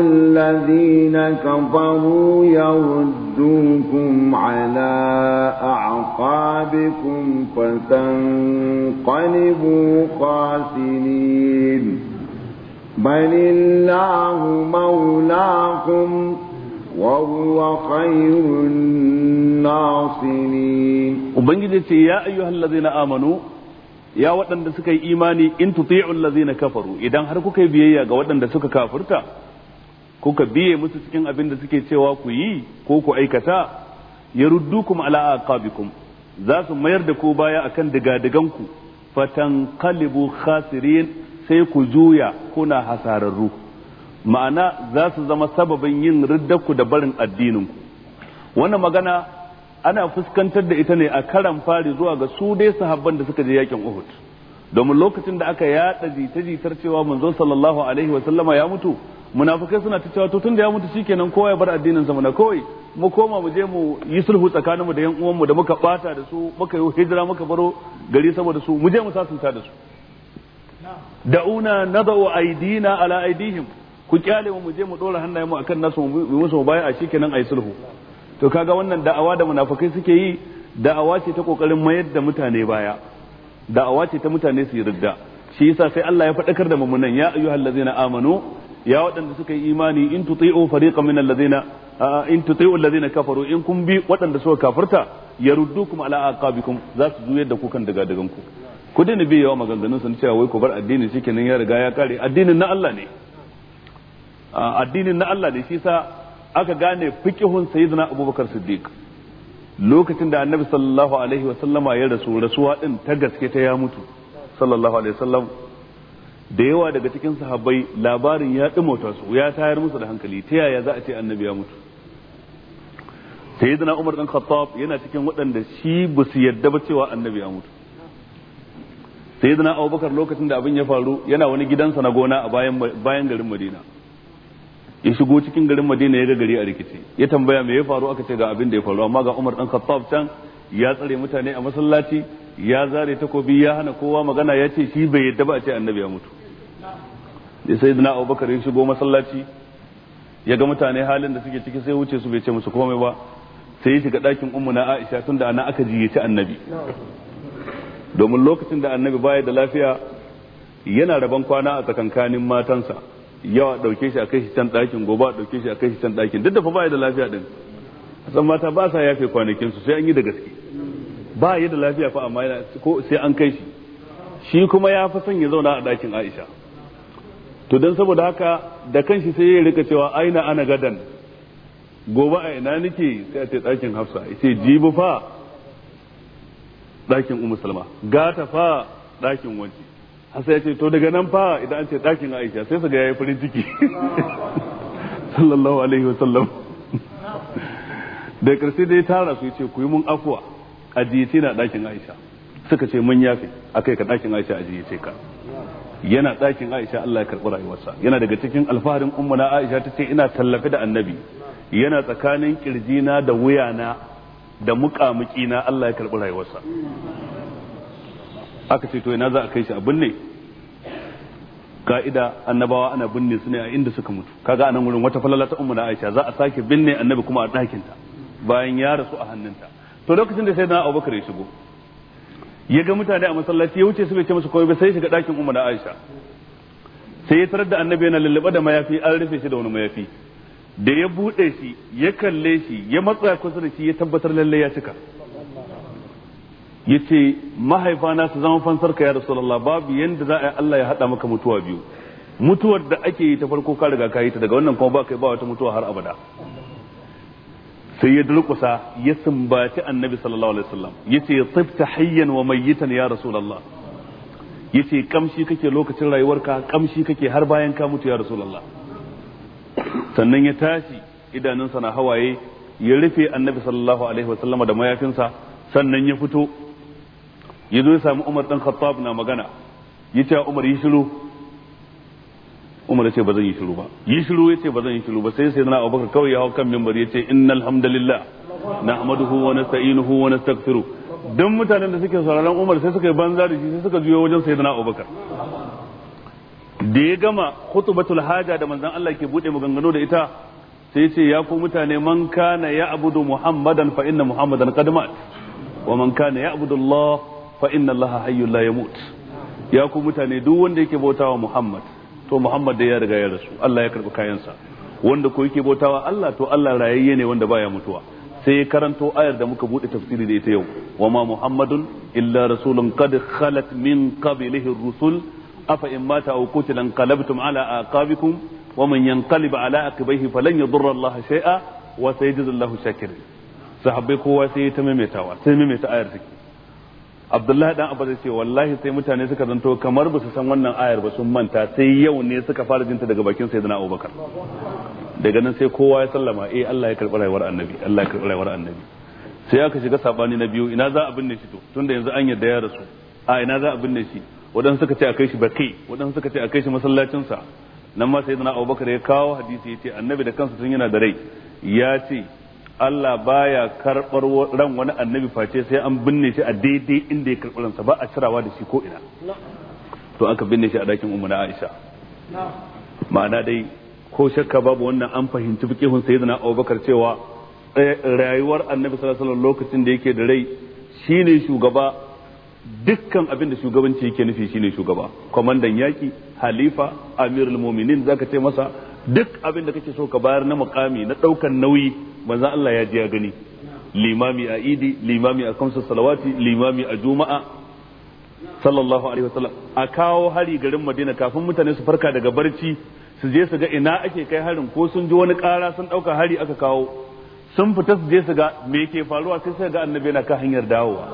الذين كفروا يردوكم على أعقابكم فتنقلبوا خاسرين بل الله مولاكم وهو خير ya وبنجي يا أيها الذين ya waɗanda suka yi imani in tuti'ul ladzina kafaru idan har kuka yi biyayya ga waɗanda suka kafurta kuka biye musu cikin abin da suke cewa ku yi ko ku aikata kuma ala'a aqabikum za su mayar da ku baya akan digadigan ku fatanqalibu hasirin sai ku juya kuna hasararru ma'ana za su zama sababin yin riddaku da barin addinin addininku wannan magana ana fuskantar da ita ne a karan fari zuwa ga su dai sahabban da suka je yakin Uhud domin lokacin da aka yaɗa jita-jitar cewa manzo sallallahu alaihi wa sallama ya mutu munafukai suna ta cewa to tunda ya mutu shikenan kowa ya bar addinin sa muna kawai mu koma mu je mu yi sulhu tsakaninmu da yan uwanmu da muka bata da su muka yi hijira muka baro gari saboda su mu je mu sasunta da su da'una nadau aidina ala aidihim ku kyale mu je mu dora hannayen mu akan nasu mu musu baya a shikenan ayi sulhu to kaga wannan da'awa da munafikai suke yi da'awa ce ta kokarin mayar da mutane baya da'awa ce ta mutane su yi shi yasa sai Allah ya faɗakar da mu nan ya ayyuhallazina amanu ya waɗanda suka yi imani in tuti'u fariqan min allazina in tuti'u allazina kafaru in kun bi waɗanda suka kafirta yaruddukum ala aqabikum za su juyar da ku kan daga dagan ku ku daina bi yawa maganganun sun cewa wai ku bar addini shikenan ya riga ya kare addinin na Allah ne addinin na Allah ne shi sa aka gane fiƙihun sayyidina Abubakar Siddiq lokacin da Annabi sallallahu alaihi wasallama ya rasu rasuwa din ta gaske ta ya mutu sallallahu alaihi wasallam da yawa daga cikin sahabbai labarin ya dumauta su ya tayar musu da hankali ta yaya za a ce Annabi ya mutu sayyidina Umar dan Khattab yana cikin waɗanda shi ba su yadda ba cewa Annabi ya mutu sayyidina Abubakar lokacin da abin ya faru yana wani gidansa na gona a bayan bayan garin Madina ya shigo cikin garin madina ya ga gari a rikici ya tambaya me ya faru aka ce ga abin da ya faru amma ga umar dan khattab can ya tsare mutane a masallaci ya zare takobi ya hana kowa magana ya ce shi bai yadda ba a ce annabi ya mutu sai dina abubakar ya shigo masallaci ya ga mutane halin da suke ciki sai wuce su bai ce musu komai ba sai ya shiga dakin ummu na aisha tun da ana aka ci annabi domin lokacin da annabi baya da lafiya yana rabon kwana a tsakankanin matansa yawa a ɗauke shi a kai shi can ɗakin gobe a shi a kai shi can ɗakin duk da fa ba da lafiya din san mata ba sa yafe kwanakin su sai an yi da gaske ba yi da lafiya fa amma ko sai an kai shi shi kuma ya fa son ya zauna a ɗakin Aisha to dan saboda haka da kanshi sai ya rika cewa aina ana gadan gobe a ina nake sai a ce ɗakin Hafsa sai jibi fa ɗakin Ummu Salma gata fa ɗakin wanci hasa ya ce to daga nan fa idan an ce ɗakin aisha sai su ga yayi farin ciki *laughs* sallallahu alaihi wasallam da karshe dai tara su ce ku yi mun afuwa a jiyace na ɗakin aisha suka ce mun yafe kai ka ɗakin aisha a jiyace ka yana ɗakin aisha Allah ya karɓi rayuwarsa yana daga cikin alfaharin umma na aisha ta ce ina tallafi da annabi yana tsakanin kirjina da wuyana da muƙamuƙina Allah ya karɓi rayuwarsa aka ce to ina za a kai shi a binne ka'ida annabawa ana binne su ne a inda suka mutu kaga anan wurin wata falala ta ummu da Aisha za a sake binne annabi kuma a ɗakin ta bayan ya rasu a hannunta to lokacin da sai na Abubakar ya shigo ya ga mutane a masallaci ya wuce su bai ce musu komai ba sai shiga ɗakin ummu da Aisha sai ya tarar da annabi yana lullube da mayafi an rufe shi da wani mayafi da ya buɗe shi ya kalle shi ya matsa kusa da shi ya tabbatar lalle ya cika yace mahaifana su zama fansar ka ya rasulullah babu yanda za a yi Allah ya hada maka mutuwa biyu mutuwar da ake yi ta farko ka riga ka yi ta daga wannan kuma ba kai ba wata mutuwa har abada sai ya durkusa ya sumbaci annabi sallallahu alaihi wasallam yace tibta hayyan wa mayyitan ya rasulullah yace kamshi kake lokacin rayuwarka kamshi kake har bayan ka mutu ya rasulullah sannan ya tashi idanunsa na hawaye ya rufe annabi sallallahu alaihi wasallama da mayafinsa sannan ya fito ya zo ya sami umar dan khattab na magana ya ce umar yi shiru umar ya ce ba zan yi shiru ba yi shiru ya ce ba zan yi shiru ba sai sai na abubakar kawai ya hau kan mimbar ya ce innal hamdalillah nahmaduhu wa nasta'inuhu wa nastaghfiru dan mutanen da suke sauraron umar sai suka yi banza da shi sai suka juyo wajen sayyidina abubakar da ya gama khutbatul haja da manzon Allah ke bude maganganu da ita sai ce ya ku mutane man kana ya abudu muhammadan fa inna muhammadan qad wa man kana ya abudu Allah fa inna Allah hayyul la yamut ya ku mutane duk wanda yake bautawa muhammad to muhammad dai ya riga ya rasu allah ya karbi kayansa wanda ko yake bautawa allah to allah rayayye ne wanda baya mutuwa sai karanto ayar da muka bude tafsiri da ita yau wa ma muhammadun illa rasulun qad khalat min qablihi rusul afa in mata aw qutila qalabtum ala aqabikum wa man yanqalib ala aqibihi falan yadurra allah shay'a wa sayajidu allah shakirin sahabbai kowa sai ta wa sai maimaita ayar take abdullahi dan abba zai ce wallahi sai mutane suka zanto kamar ba su san wannan ayar ba sun manta sai yau ne suka fara jinta daga bakin sayyidina abubakar daga nan sai kowa ya sallama eh Allah ya karɓi rayuwar annabi Allah ya karɓi rayuwar annabi sai aka shiga sabani na biyu ina za a binne shi to tunda yanzu an yarda ya rasu a ina za a binne shi waɗansu suka ce a kai shi bakai waɗansu suka ce a kai shi masallacinsa nan ma sayyidina abubakar ya kawo hadisi ya ce annabi da kansa sun yana da rai ya ce Allah baya karɓar ran wani annabi face sai an binne shi a daidai inda ya karɓar ransa ba a cirawa da shi ko ina to aka binne shi a dakin ummu Aisha ma'ana dai ko shakka babu wannan an fahimci fiqihun sayyidina Abubakar cewa eh, rayuwar annabi sallallahu alaihi lokacin da yake da rai shine shugaba dukkan abin da shugabanci yake nufi shine shugaba kwamandan yaki halifa amirul muminin zaka ce masa duk abin da kake so ka bayar na mukami na daukan nauyi manzo Allah ya ji ya gani limami a idi limami a kamsa salawati limami a juma'a sallallahu alaihi wasallam a kawo hari garin madina kafin mutane su farka daga barci su je su ga ina ake kai harin ko sun ji wani kara sun dauka hari aka kawo sun fita su je su ga me ke faruwa sai sai ga annabi yana kan hanyar dawowa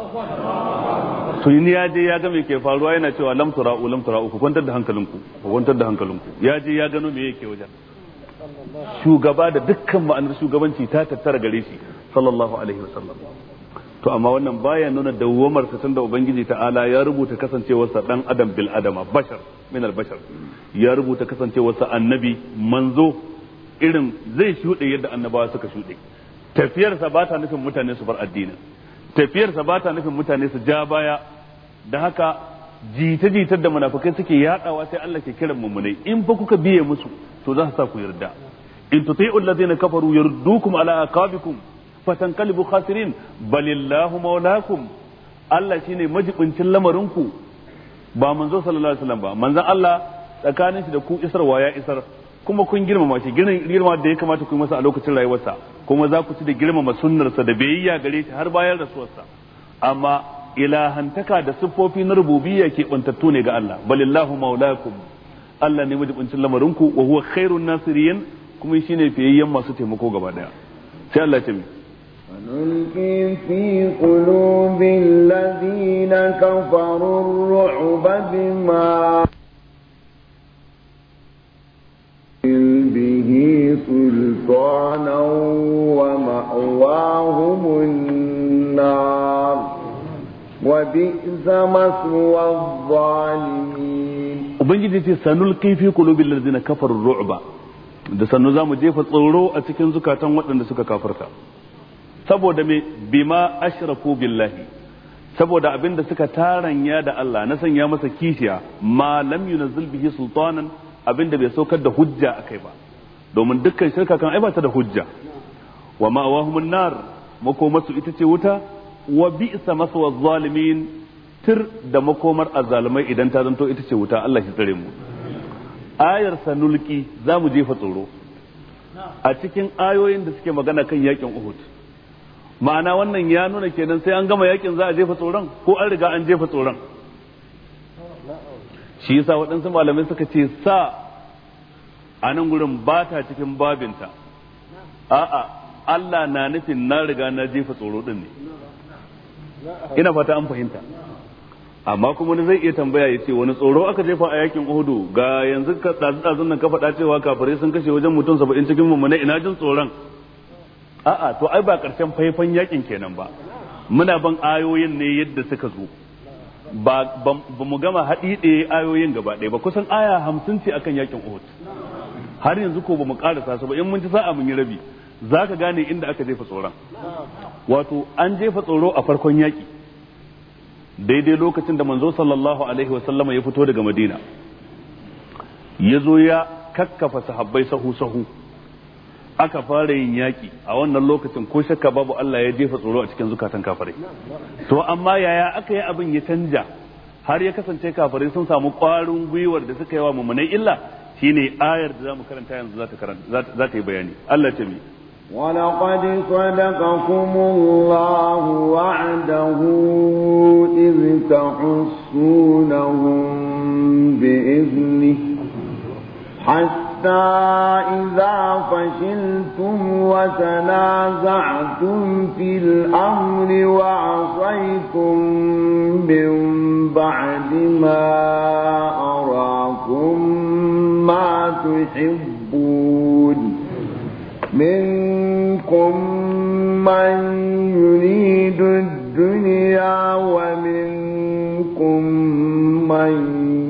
to ni ya je ya ga me ke faruwa yana cewa lam ra'u lamta ra'u ku kwantar da hankalinku ku kwantar da hankalinku ya je ya gano me yake wajen shugaba da dukkan ma'anar shugabanci ta tattara gare shi sallallahu alaihi wasallam to amma wannan baya nuna dawwamar sa tunda ubangiji ta'ala ya rubuta kasancewarsa dan adam bil adama bashar min al bashar ya rubuta kasancewarsa annabi manzo irin zai shuɗe yadda annabawa suka shuɗe tafiyarsa ba ta nufin mutane su bar addinin tafiyarsa ba ta nufin mutane su ja baya da haka jita-jitar da munafukai suke yadawa sai Allah ke kiran mummunai in fa kuka biye musu to za su sa ku yarda in tuti'u allazina kafaru yardukum ala aqabikum fatanqalibu khasirin balillahu maulakum Allah shine majibincin lamarinku ba manzo sallallahu alaihi wasallam ba manzon Allah tsakanin shi da ku isarwa ya isar kuma kun girmama shi girma da ya kamata ku yi masa a lokacin rayuwarsa kuma za ku ci da girmama sunnarsa da biyayya gare shi har bayan rasuwarsa amma ilahantaka da siffofi na rububiyya ke bantattu ne ga Allah balillahu maulakum Allah ne majibincin lamarinku wa huwa khairun nasirin kuma shine fiyayyen masu taimako gaba daya sai Allah ya tabbata ونلقي في قلوب الذين كفروا الرعب بما سلطانا ومأواهم النار وبئس مثوى الظالمين وبنجي تي سنلقي في قلوب الذين كفروا الرعب da sannu za mu jefa tsoro a cikin zukatan waɗanda suka kafarta saboda me bima ashraku billahi saboda abinda da suka taranya da Allah na sanya masa kishiya ma lam yunzil bihi sultanan abin bai saukar da hujja a kai ba domin dukkan shirka kan aibata da hujja wa ma'awahum nar makomarsu ita ce wuta wa bi'sa maswa zalimin tir da makomar azzalumai idan ta zanto ita ce wuta Allah shi tsare mu ayar sanulki za mu jefa tsoro a cikin ayoyin da suke magana kan yakin Uhud ma'ana wannan ya nuna kenan sai an gama yakin za a jefa tsoron ko an riga an jefa tsoron shi sa waɗansu malamai suka ce sa a nan gurin ba ta cikin babinta a'a Allah na nufin na riga na jefa tsoro din ne ina fata an fahimta amma kuma wani zai iya tambaya ya ce wani tsoro aka jefa a yakin uhudu ga yanzu ka ɗazu nan ka faɗa cewa kafirai sun kashe wajen mutum saba'in cikin mummuna ina jin tsoron a'a to ai ba ƙarshen faifan yakin kenan ba muna ban ayoyin ne yadda suka zo ba mu gama haɗi ɗaya ayoyin gaba ɗaya ba kusan aya hamsin ce akan yakin uhud har yanzu ko ba mu karasa su ba in mun ci sa'a mun yi rabi za ka gane inda aka jefa tsoron wato an jefa tsoro a farkon yaƙi daidai lokacin da manzo sallallahu alaihi wasallama ya fito daga madina ya zo ya kakkafa sahabbai sahu sahu aka fara yin yaƙi a wannan lokacin ko shakka babu Allah ya jefa tsoro a cikin zukatan kafirai to amma yaya aka yi abin ya canja har ya kasance kafirai sun samu ƙwarin gwiwar da suka yi wa mummunai illa shine ayar da zamu karanta yanzu za ta karanta za ta yi bayani Allah ta mi ولقد صدقكم الله وعده إذ تحسونهم بإذنه حتى إذا فشلتم وتنازعتم في الأمر وعصيتم من بعد ما أراكم تحبون منكم من يريد الدنيا ومنكم من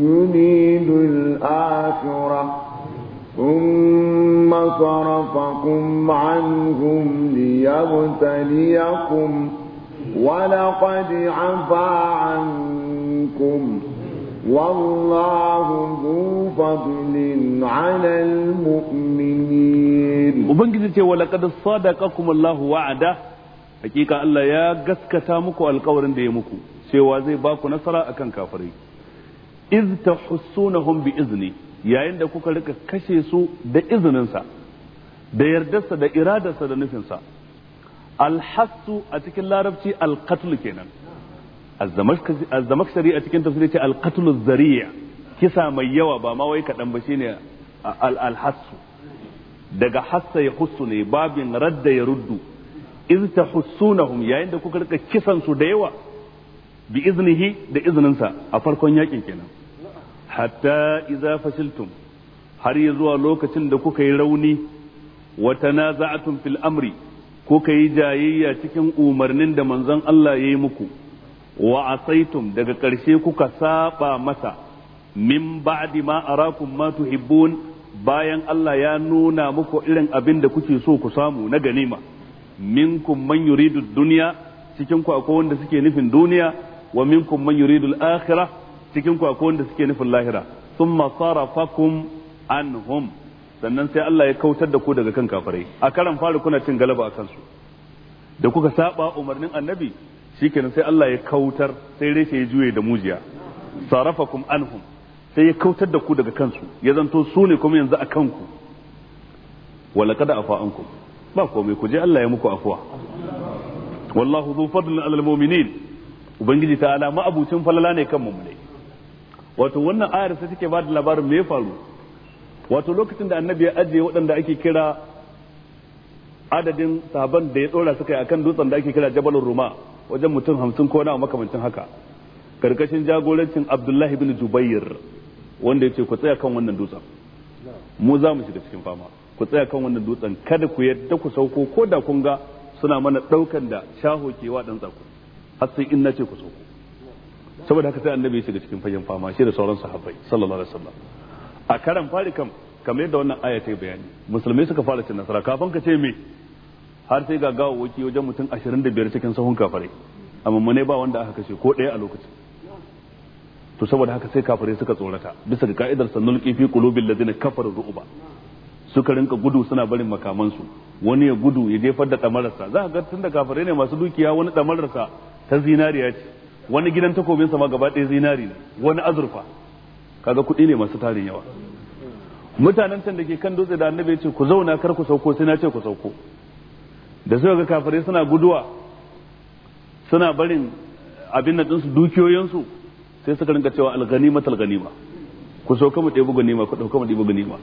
يريد الآخرة ثم صرفكم عنهم ليبتليكم ولقد عفى عنكم والله ce فضل على المؤمنين وبنجد ولقد صدقكم الله وعده hakika Allah ya gaskata muku alkawarin da ya muku cewa zai baku nasara akan kafirai iz humbi bi izni yayin da kuka rika kashe su da izininsa da yardarsa da iradarsa da nufinsa alhassu a cikin larabci alqatl kenan az shari'a a cikin tafsiri ce al-qatl kisa mai yawa ba ma wai kadan ba shine al-hassu daga hassa ya hussu ne babin radda ya ruddu iz tahussunahum yayin da kuka rika kisan su da yawa bi iznihi da izninsa a farkon yakin kenan hatta idza fasiltum har ya lokacin da kuka yi rauni wa tanaza'atum fil amri kuka yi jayayya cikin umarnin da manzon Allah ya yi muku wa asaitum daga ƙarshe kuka saba masa min ba'di ma arakum ma tuhibbun bayan Allah ya nuna muku irin abin da kuke so ku samu na ganima minkum man yuridu dunya cikin ku akwai wanda suke nufin duniya wa minkum man yuridu al-akhirah cikin ku akwai wanda suke nufin lahira thumma sarafakum anhum sannan sai Allah ya kautar da ku daga kan kafirai a karan fari kuna cin galaba a kansu da kuka saba umarnin annabi Shi kenan sai Allah ya kautar sai reshe ya juye da mujiya sarafakum anhum sai ya kautar da ku daga kansu ya zanto su ne kuma yanzu a kanku wala kada afa ankum ba komai ku je Allah ya muku afuwa wallahu dhu fadlin alal mu'minin ubangiji ta'ala ma abucin falala ne kan mu'mini wato wannan ayar sai take ba da labarin me faru wato lokacin da annabi ya ajiye waɗanda ake kira adadin sahaban da ya tsora suka yi akan dutsen da ake kira jabalur ruma wajen mutum hamsin ko na makamancin haka karkashin jagorancin abdullahi bin jubair wanda ya ce ku tsaya kan wannan dutsen mu za mu shiga cikin fama ku tsaya kan wannan dutsen kada ku yadda ku sauko ko da kun ga suna mana ɗaukan da shaho ke wa ɗan tsaku har sai in na ce ku sauko saboda haka sai annabi ya shiga cikin fagen fama shi da sauran sahabbai sallallahu alaihi wasallam a karan fari kam kamar yadda wannan aya ta yi bayani musulmai suka fara cin nasara kafin ka ce me har sai ga waki wajen mutum ashirin da biyar cikin sahun kafare amma mune ba wanda aka kashe ko ɗaya a lokacin to saboda haka sai kafare suka tsorata bisa ga ka'idar sannul kifi da zina kafar ru'ba suka rinka gudu suna barin makamansu wani ya gudu ya jefar da damararsa za ka ga tunda kafare ne masu dukiya wani damararsa ta zinariya ce wani gidan takobinsa ma gaba ɗaya zinari ne wani azurfa kaga kuɗi ne masu tarin yawa mutanen can da ke kan dutse da annabi ce ku zauna kar ku sauko sai na ce ku sauko da suka ga kafirai suna guduwa suna barin abin da dinsu dukiyoyinsu sai suka rinka cewa alganima talganima ku sauka mu ɗebi ganima ku ɗauka mu ɗebi ganima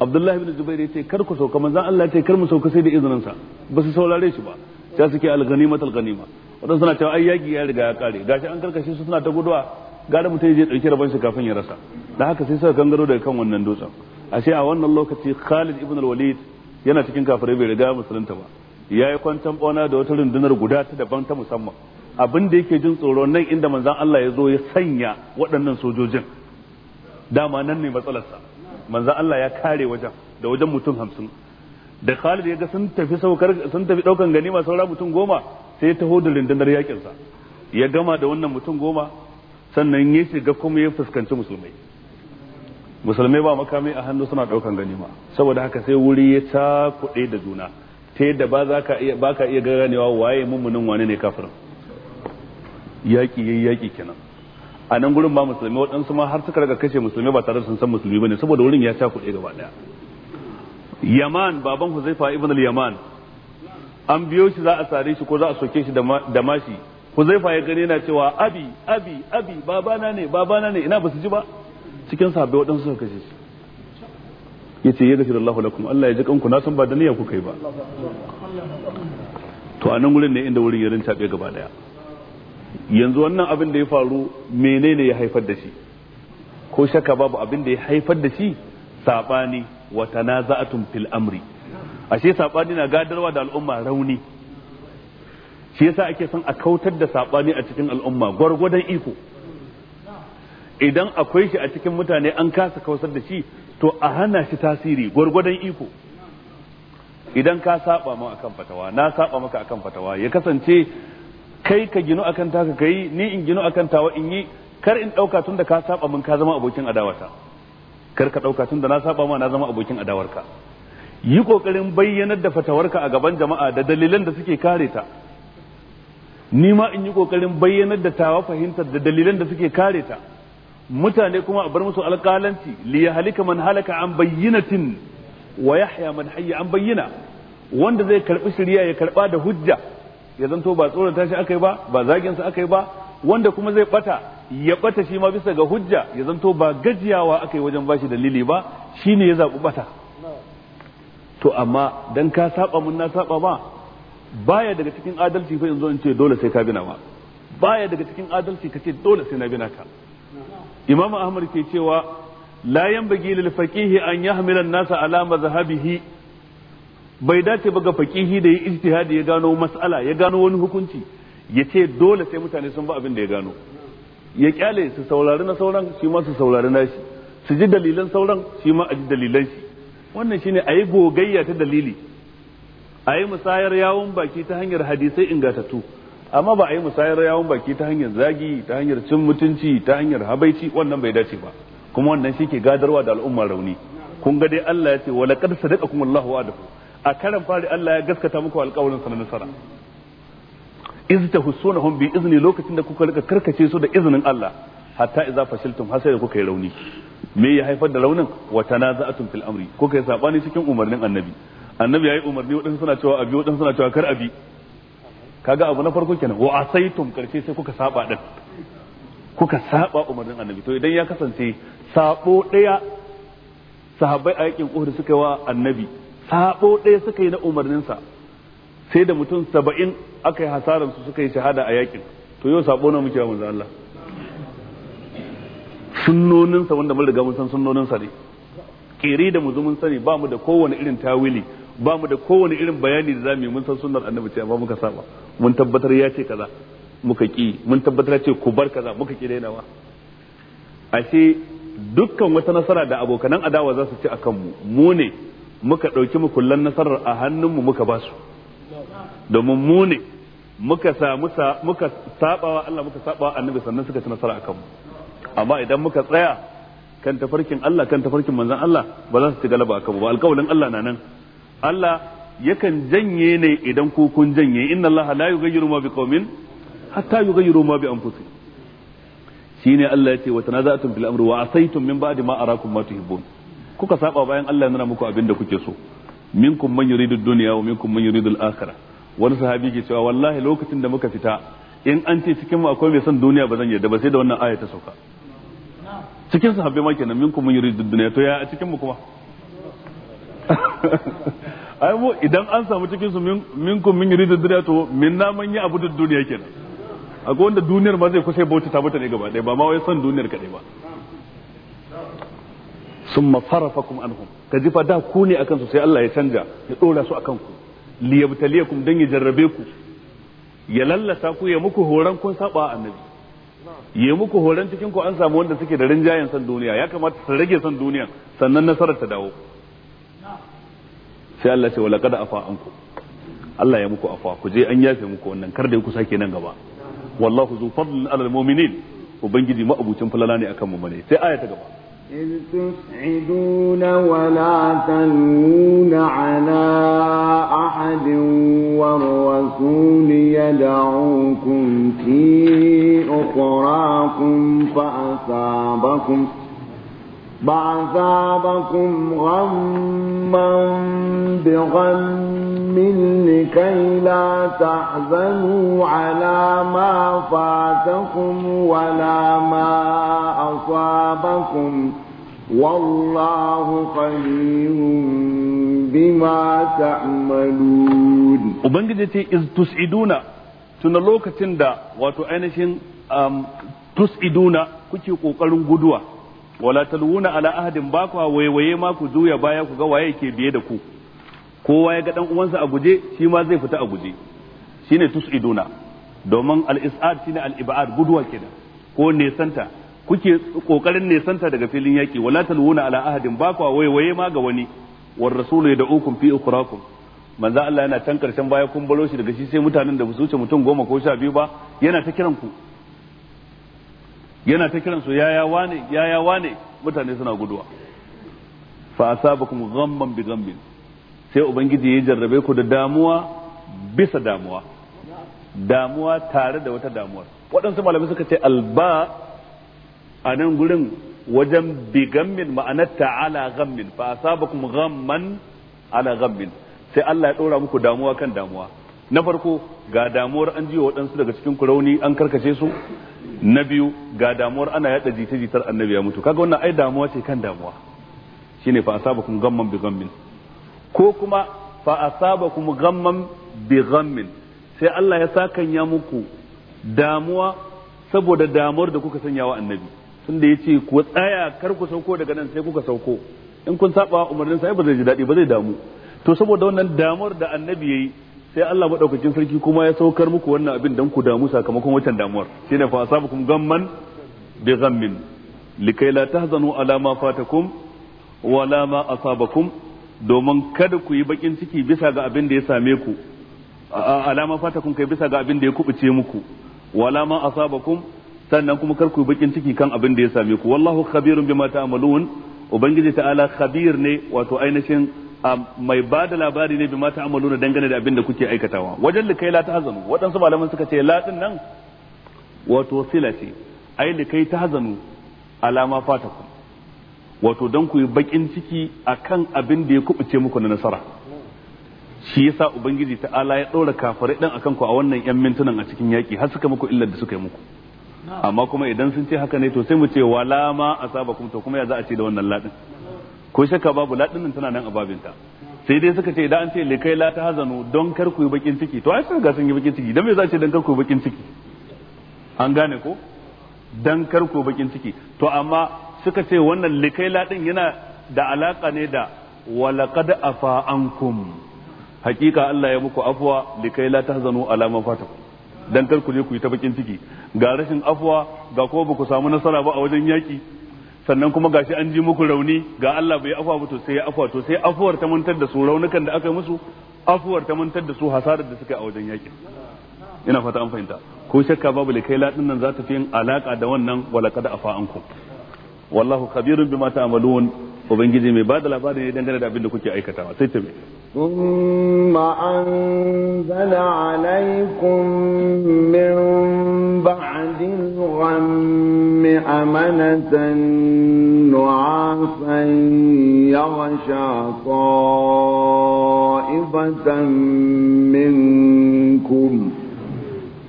abdullahi bin Zubairu ya ce kar ku sauka manzon Allah ya ce kar mu sauka sai da izinin sa ba su saurare shi ba sai suke alganima talganima wadansu suna cewa ai yaki ya riga ya kare gashi an karkashe su suna ta guduwa gara mutum je dauke rabon shi kafin ya rasa dan haka sai suka gangaro daga kan wannan dutsen ashe a wannan lokaci Khalid ibn al-Walid yana cikin kafirai bai riga musulunta ba ya yi kwantan bauna da wata rundunar guda ta daban ta musamman abin da yake jin tsoro nan inda manzan Allah ya zo ya sanya waɗannan sojojin dama nan ne matsalarsa manzan Allah ya kare wajen da wajen mutum hamsin da Khalid ya ga sun tafi saukar sun tafi daukan ganima saura mutum goma sai ya taho da rundunar yakinsa ya gama da wannan mutum goma sannan ya shiga kuma ya fuskanci musulmai musulmai ba makami a hannu suna daukan ganima saboda haka sai wuri ya kuɗe da juna ta yadda ba za ka iya ba ka iya ganewa waye mummunin wane ne kafirin yaƙi yayi yaƙi kenan a nan gurin ba musulmi waɗansu ma har suka raga kashe musulmi ba tare da sun san musulmi bane saboda wurin ya cakuɗe gaba ɗaya yaman baban huzaifa ibn al-yaman an biyo shi za a sare shi ko za a soke shi da mashi huzaifa ya gani yana cewa abi abi abi babana ne babana ne ina ba su ji ba cikin sahabbai waɗansu suka kashe shi Ya ce yace yaghfirullahu lakum Allah ya ji kanku na san ba da niyya kuka yi ba to a nan gurin ne inda wurin ya rintabe gaba daya yanzu wannan abin da ya faru menene ya haifar da shi ko shakka babu abin da ya haifar da shi sabani na za'atun fil amri ashe sabani na gadarwa da al'umma rauni shi yasa ake son a kautar da sabani a cikin al'umma gwargwadon iko idan akwai shi a cikin mutane an kasa kausar da shi to a hana shi tasiri gwargwadon iko idan ka saba mu akan fatawa na saba maka akan fatawa ya kasance kai ka gino akan taka kai ni in gino akan tawa in yi kar in dauka tunda ka saba mun ka zama abokin adawata kar ka dauka tunda na saba ma na zama abokin adawarka yi kokarin bayyanar da fatawarka a gaban jama'a da dalilan da suke kare ta ni ma in yi kokarin bayyanar da tawa fahimtar da dalilan da suke kare ta mutane kuma a bar musu alƙalanci li halika man halaka an bayyinatin wa yahya man hayya an bayyina wanda zai karbi shari'a ya karba da hujja ya zanto ba tsoron tashi akai ba ba zagin sa akai ba wanda kuma zai bata ya bata shi ma bisa ga hujja ya zanto ba gajiyawa akai wajen bashi dalili ba shine ya zabi bata to amma dan ka saba mun na saba ba baya daga cikin adalci fa yanzu in ce dole sai ka bina ma baya daga cikin adalci kace dole sai na bina ka imam ahmad ke cewa la yanbaghi lil faqih an yahmila an-nasa ala mazhabihi bai dace ba ga faqihi da yi ijtihadi ya gano mas'ala ya gano wani hukunci ya ce dole sai mutane sun ba abin da ya gano ya kyale su saurari na sauran shi ma su saurari na shi su ji dalilan sauran shi ma a ji dalilan shi wannan shine ayi yi gogayya ta dalili ayi musayar yawon baki ta hanyar hadisai ingatattu amma ba a yi musayar yawon baki ta hanyar zagi ta hanyar cin mutunci ta hanyar habaici wannan bai dace ba kuma wannan shi ke gadarwa da al'ummar rauni kun ga dai Allah ya ce wa laqad sadaqakum Allahu wa'adahu a karan fari Allah ya gaskata muku alƙawarin sa na nasara iz tahussunahum bi izni lokacin da kuka rika karkace su da izinin Allah hatta idza fashiltum har sai da kuka yi rauni me ya haifar da raunin wa tanaza'atun fil amri kuka yi sabani cikin umarnin annabi annabi yayi umarni wadansu suna cewa abi wadansu suna cewa kar abi kaga abu na farko kenan wa asaitum karshe sai kuka saba din kuka saba umarnin annabi to idan ya kasance sabo daya sahabbai a yakin Uhud suka yi wa annabi sabo daya suka yi na umarninsa sai da mutum saba'in aka yi hasaran su suka yi shahada a yakin to yau sabo na muke wa manzo Allah sa wanda mun riga mun san sa ne kiri da mu mun sani ba mu da kowane irin tawili ba mu da kowane irin bayani da zamu yi mun san sunnar annabi ce amma muka saba mun tabbatar ya ce kaza muka ki mun tabbatar ya ce ku bar kaza muka ki dainawa ashe dukkan wata nasara da abokanan adawa za su ci akan mu mu ne muka ɗauki mukullan nasarar a hannunmu muka ba su domin mu ne muka samu muka sabawa Allah muka sabawa annabi sannan suka ci nasara akan mu amma idan muka tsaya kan tafarkin Allah kan tafarkin manzon Allah ba za su ci galaba akan mu ba alƙawalin Allah na nan Allah yakan janye ne idan ku kun janye inna Allah la yughayyiru ma biqaumin hatta yughayyiru ma bi anfusihim shine Allah ya ce wa tanaza'tum fil amri wa asaytum min ba'di ma arakum ma tuhibbun kuka saba bayan Allah ya nuna muku abinda kuke so minkum man yuridu dunya wa minkum man yuridu al-akhirah wani sahabi ke cewa wallahi lokacin da muka fita in an ce cikin mu akwai mai son duniya ba zan yarda ba sai da wannan aya ta sauka cikin sahabbai ma kenan minkum man yuridu dunya to ya a cikin mu kuma *laughs* ai mu idan an samu cikin su minkum min yuridu dunya to min man ya abudu duniya kenan akwai wanda duniyar ma zai kusa bauta ta mutane gaba ɗaya ba ma wai son duniyar kaɗai ba summa farafakum anhum ka jifa da ku ne akan su sai Allah ya canja ya dora su akan ku liyabtaliyakum dan ya jarrabe ku ya lallasa ku ya muku horan kun saba annabi ya muku horan cikin ku an samu wanda suke da rinjayen san duniya ya kamata su rage san duniya sannan nasarar ta dawo sai Allah ce wala kada afa anku Allah ya muku afa ku je an yafe muku wannan kar da ku sake nan gaba wallahu zu fadlin alal mu'minin ubangiji ma'abucin fulana ne akan mu'mini sai aya ta gaba إذ تسعدون ولا تلوون على أحد والرسول يدعوكم في أخراكم فأصابكم بعذابكم غما بغم لكي لا تحزنوا على ما فاتكم ولا ما أصابكم والله خبير بما تعملون وبنجدتي إذ تسعدون تنلوك تندى وتؤنشن تسعدون كتي قوقل قدوة wala talwuna ala ahadin ba ku waiwaye ma ku juya baya ku ga waye ke biye da ku kowa ya ga dan uwansa a guje shi ma zai fita a guje shine tusiduna domin al-is'ad shine al-ib'ad guduwa kenan ko nesanta kuke kokarin nesanta daga filin yaki wala talwuna ala ahadin ba ku waiwaye ma ga wani war rasulu yad'ukum fi ukrakum manzo Allah yana can karshen baya kun balo shi daga shi sai mutanen da su wuce mutum goma ko sha biyu ba yana ta kiran ku yana ta kiran su yaya wane yaya wane mutane suna guduwa fa asabakum ghamman bi ghammin sai ubangiji ya jarrabe ku da damuwa bisa damuwa damuwa tare da wata damuwar waɗansu malamai suka ce alba a nan gurin wajen bi gammin ma'anarta ala gammin fa asabakum ghamman ala gammin sai Allah ya ɗora muku damuwa kan damuwa na farko ga damuwar an jiwa waɗansu daga cikin kurauni an karkace su na biyu ga damuwar ana yada jita-jitar annabi ya mutu kaga wannan ai damuwa ce kan damuwa shine fa kuma gamman bi gammin ko kuma fa kuma gamman bi gammin sai Allah ya sakanya muku damuwa saboda damuwar da kuka sanya wa annabi tunda yace ku tsaya kar ku sauko daga nan sai kuka sauko in kun saba umarnin sai ba zai ji daɗi ba zai damu to saboda wannan damuwar da annabi ya yi. sai Allah madaukakin sarki kuma ya saukar muku wannan abin dan ku damu sakamakon watan damuwar shine fa asabakum gamman bi ghammin likai la tahzanu ala ma fatakum wala ma asabakum domin kada ku yi bakin ciki bisa ga abin da ya same ku alama fata kun kai bisa ga abin da ya kubuce muku wala ma asabakum sannan kuma kar ku yi bakin ciki kan abin da ya same ku wallahu khabirun bima ta'malun ubangiji ta'ala khabir ne wato ainihin mai ba da labari ne bi ma ta'amalu dangane da abin da kuke aikatawa wajen kai la tahzanu waɗansu malaman suka ce la din nan wato sila ce ai likai tahzanu alama ku wato don ku yi bakin ciki akan abin da ya kubuce muku na nasara shi yasa ubangiji ta Ala ya ɗora kafare ɗan akan ku a wannan yan mintunan a cikin yaƙi har suka muku illar da suka yi muku amma kuma idan sun ce haka ne to sai mu ce wala ma asabakum to kuma ya za a ce da wannan ladin ko shakka babu ladin tana nan a babinta sai dai suka ce idan an ce likai la ta hazanu don kar ku yi bakin ciki to ai sun ga sun yi bakin ciki dan me za ce dan kar ku yi bakin ciki an gane ko dan kar ku bakin ciki to amma suka ce wannan likai la din yana da alaka ne da walaqad afa ankum hakika Allah ya muku afwa likai la ta ala ma fata. dan kar ku je ku yi ta bakin ciki ga rashin afwa ga ko ba ku samu nasara ba a wajen yaki sannan kuma gashi an ji muku rauni ga Allah bai afuwa to sai ya afuwa to sai afuwar ta mantar da su raunukan da aka yi musu afuwar ta mantar da su hasarar da suka yi a wajen yakin ina fata an fahimta ko shakka babu likai ladin nan za ta fi yin alaka da wannan walaqad afa ankum wallahu khabirun bima ta'malun ubangiji mai bada labari ne dangane da abin da kuke aikatawa sai ta ثم أنزل عليكم من بعد الغم أمنة نعاسا يغشى minkum. منكم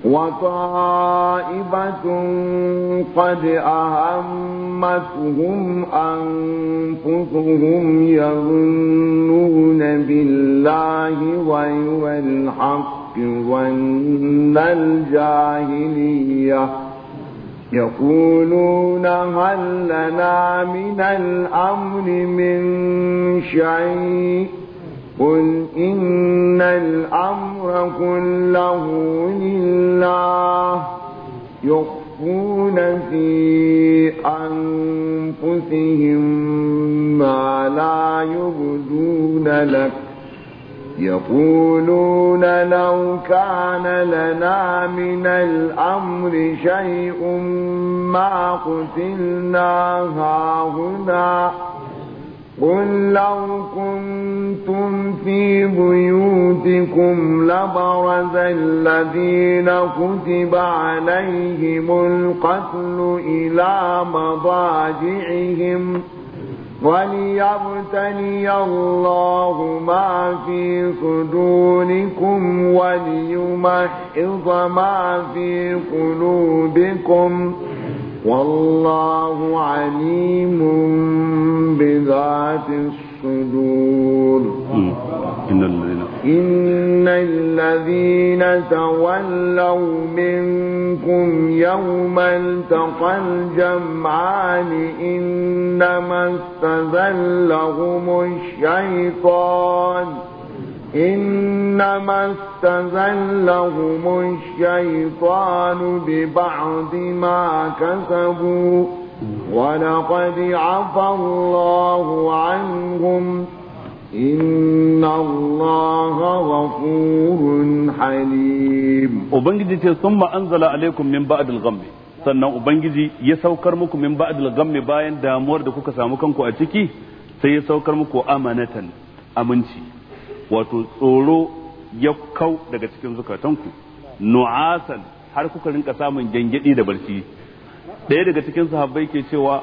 وطائبة قد أهمتهم أنفسهم يظنون بالله غير الحق ظن الجاهلية يقولون هل لنا من الأمر من شيء قل إن الأمر كله لله يخفون في أنفسهم ما لا يبدون لك يقولون لو كان لنا من الأمر شيء ما قتلنا هاهنا قل لو كنتم في بيوتكم لبرز الذين كتب عليهم القتل إلى مضاجعهم وليبتلي الله ما في صدوركم وليمحض ما في قلوبكم ۖ والله عليم بذات الصدور إن الذين تولوا منكم يوم التقى الجمعان إنما استذلهم الشيطان إنما استزلهم الشيطان ببعض ما كسبوا ولقد عفى الله عنهم Ubangiji ce sun ma'anzala alaikum min ba'adil gamme sannan Ubangiji ya saukar muku min ba'adil gamme bayan damuwar da kuka samu kanku a ciki sai ya saukar muku amanatan aminci wato tsoro ya kau daga cikin zukatanku nu'asan har kuka rinka samun gangadi da barci ɗaya daga cikin sahabbai ke cewa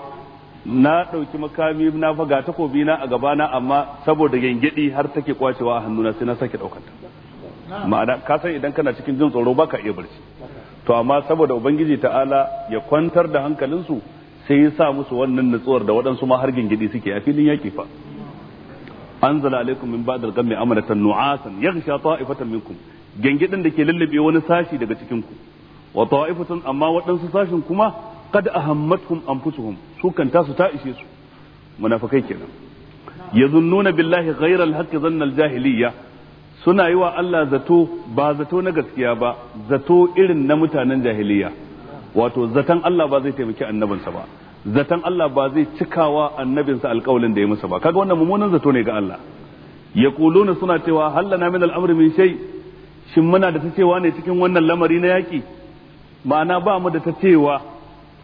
na ɗauki makami na faga takobi na a gabana amma saboda gangadi har take kwacewa a hannuna sai na sake ɗaukanta ma'ana ka san idan kana cikin jin tsoro baka iya barci to amma saboda ubangiji ta'ala ya kwantar da hankalinsu sai ya sa musu wannan nutsuwar da waɗansu ma har gingidi suke a filin yaƙi fa anzala alaikum min ba'dal ghammi amanatan nu'asan yaghsha ta'ifatan minkum gengedin da ke lallabe wani sashi daga cikin ku wa amma waɗansu sashin kuma kada kad ahammatkum anfusuhum su sukan tasu ta ishe su munafikai kenan yazunnuna billahi ghayra al-haqq dhanna jahiliyya suna yi wa Allah zato ba zato na gaskiya ba zato irin na mutanen jahiliya wato zaton Allah ba zai taimaki annabinsa ba zaton Allah ba zai cikawa annabinsa alƙawalin da ya masa ba kaga wannan mummunan zato ne ga Allah yaquluna suna cewa hallana min al'amri min shay shin muna da ta cewa ne cikin wannan lamari na yaki ma'ana ba mu da ta cewa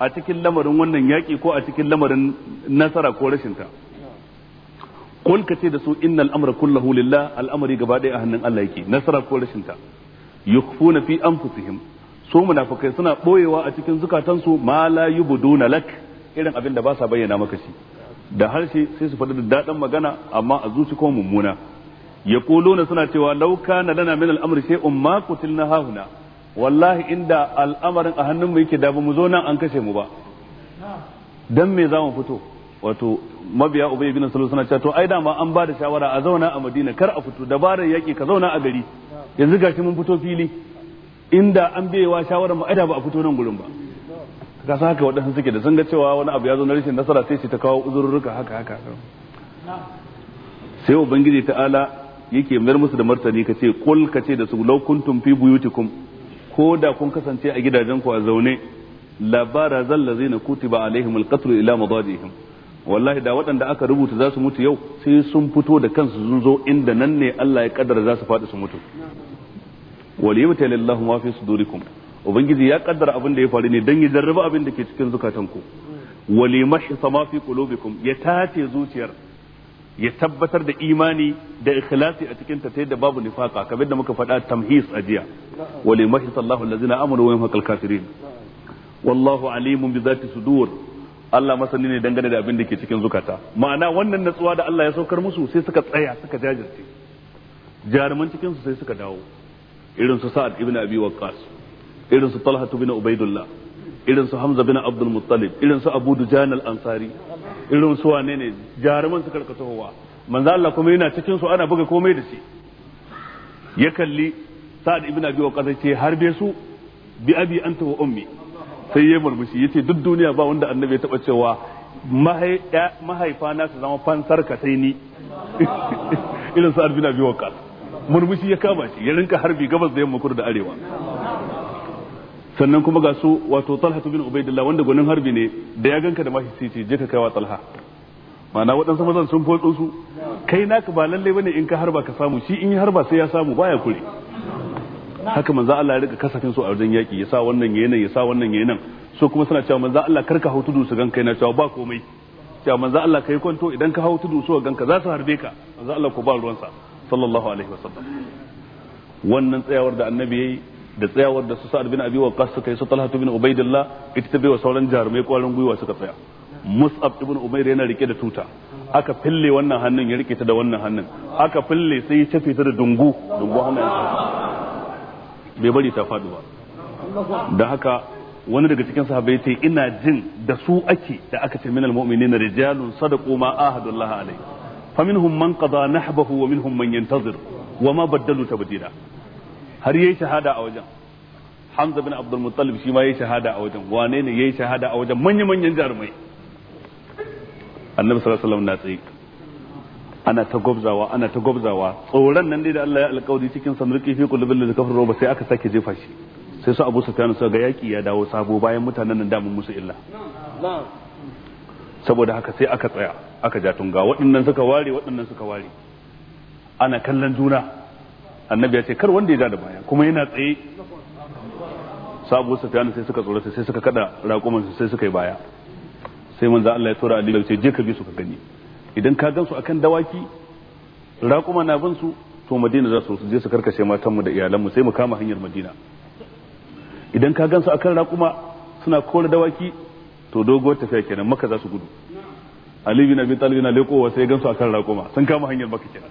a cikin lamarin wannan yaki ko a cikin lamarin nasara ko rashin ta qul da su innal amra kulla lillah al'amari gaba ɗaya a hannun Allah yake nasara ko rashin ta yukhfuna fi anfusihim su munafikai suna boyewa a cikin zukatansu ma la yubduna lak irin abin da ba sa bayyana maka shi da harshe sai su faɗi da daɗin magana amma a zuci ko mummuna ya na suna cewa lauka na lana min al'amur sai shay'un ma na hahuna wallahi inda al'amarin a hannun yake da mu zo nan an kashe mu ba dan me za mu fito wato mabiya ubay ibn salo suna cewa to ai da ma an ba da shawara a zauna a madina kar a fito dabarar yaki ka zauna a gari yanzu gashi mun fito fili inda an biyewa shawarar mu ai da ba a fito nan gurin ba ka san haka waɗansu suke da sun ga cewa wani abu ya zo na rashin nasara sai shi ta kawo uzurruka haka haka sai ubangiji ta'ala yake mayar musu da martani ka ce kul ka ce da su law kuntum fi buyutikum ko da kun kasance a gidajen ku a zaune labara zallazina kutiba alaihim alqatl ila madajihim wallahi da waɗanda aka rubuta za su mutu yau sai sun fito da kansu sun zo inda nan ne Allah ya kaddara za su faɗi su mutu waliyuta ma fi sudurikum ubangiji ya kaddara abin da ya faru ne dan ya jarraba abin da ke cikin zukatanku wali mashi sama fi qulubikum ya tace zuciyar ya tabbatar da imani da ikhlasi a cikin ta ta yadda babu nifaka kamar da muka faɗa tamhis a jiya wali mashi sallahu allazina amanu wa yamhaqal kafirin wallahu alimun bi zati sudur Allah masani ne dangane da abin da ke cikin zukata ma'ana wannan natsuwa da Allah ya saukar musu sai suka tsaya suka jajirce jaruman cikin su sai suka dawo irin su sa'ad ibn abi waqqas irin su Talha bin Ubaidullah irin su Hamza bin Abdul Muttalib irin su Abu Dujan al-Ansari irin su wane ne jaruman su karkatowa manzo Allah kuma yana cikin su ana buga komai da shi ya kalli Sa'ad ibn Abi waqas ce harbe su bi abi anta wa ummi sai ya murmushi yace duk duniya ba wanda annabi ya taba cewa mahaifana na su zama fansar ka sai ni *laughs* irin Sa'ad bin Abi waqas murmushi ya kama shi ya rinka harbi gabas da yamma kudu da arewa sannan kuma ga su wato talha bin ubaidillah wanda gwanin harbi ne da ya ganka da mashi sai je ka kaiwa talha ma'ana waɗansu mazan sun fotso su kai naka ba lallai bane in ka harba ka samu shi in yi harba sai ya samu baya kure haka manzo Allah ya rika kasafin su a wajen yaki ya sa wannan yayin ya sa wannan yayin so kuma suna cewa manzo Allah karka hau tudu su ganka yana cewa ba komai cewa manzo Allah kai kwanto idan ka hau tudu su ganka za su harbe ka manzo Allah ko ba ruwansa sallallahu alaihi wasallam wannan tsayawar da annabi yayi da tsayawar da su sa'ad bin abi waqqas suka yi su talha bin ubaidillah ita ta baiwa sauran jarumai kwarin gwiwa suka tsaya mus'ab ibn umair yana rike da tuta aka fille wannan hannun ya rike ta da wannan hannun aka fille sai ya cafe ta da dungu dungu hannun bai bari ta fadu ba da haka wani daga cikin sahabbai ce ina jin da su ake da aka ce minal mu'minina rijalun sadaqu ma ahadullah alai faminhum man qada nahbahu wa minhum man yantazir wa ma baddalu tabdila har yayi shahada a wajen Hamza bin Abdul Muttalib shi ma yayi shahada a wajen wane ne yayi shahada a wajen manya manyan jarumai Annabi sallallahu alaihi wasallam na tsaye ana ta gobzawa ana ta gobzawa tsoron nan dai da Allah ya alƙawari cikin sanurki fi qulubil ladzi kafaru ba sai aka sake jefa shi sai su Abu Sufyan su ga yaki ya dawo sabo bayan mutanen nan mun musu illa saboda haka sai aka tsaya aka ja tunga waɗannan suka ware waɗannan suka ware ana kallon juna annabi ya ce kar wanda ya da baya kuma yana tsaye sabu sufyan sai suka tsorata sai suka kada raƙuman sai suka yi baya sai manzo Allah ya tura Ali ya ce je ka bi su ka gani idan ka gansu akan dawaki raƙuma na bin su to Madina za su je su karkashe mu da iyalan mu sai mu kama hanyar Madina idan ka gansu akan raƙuma suna kore dawaki to doguwar tafiya kenan maka za su gudu Ali bin Abi Talib yana lekowa sai gansu akan raƙuma sun kama hanyar Makka kenan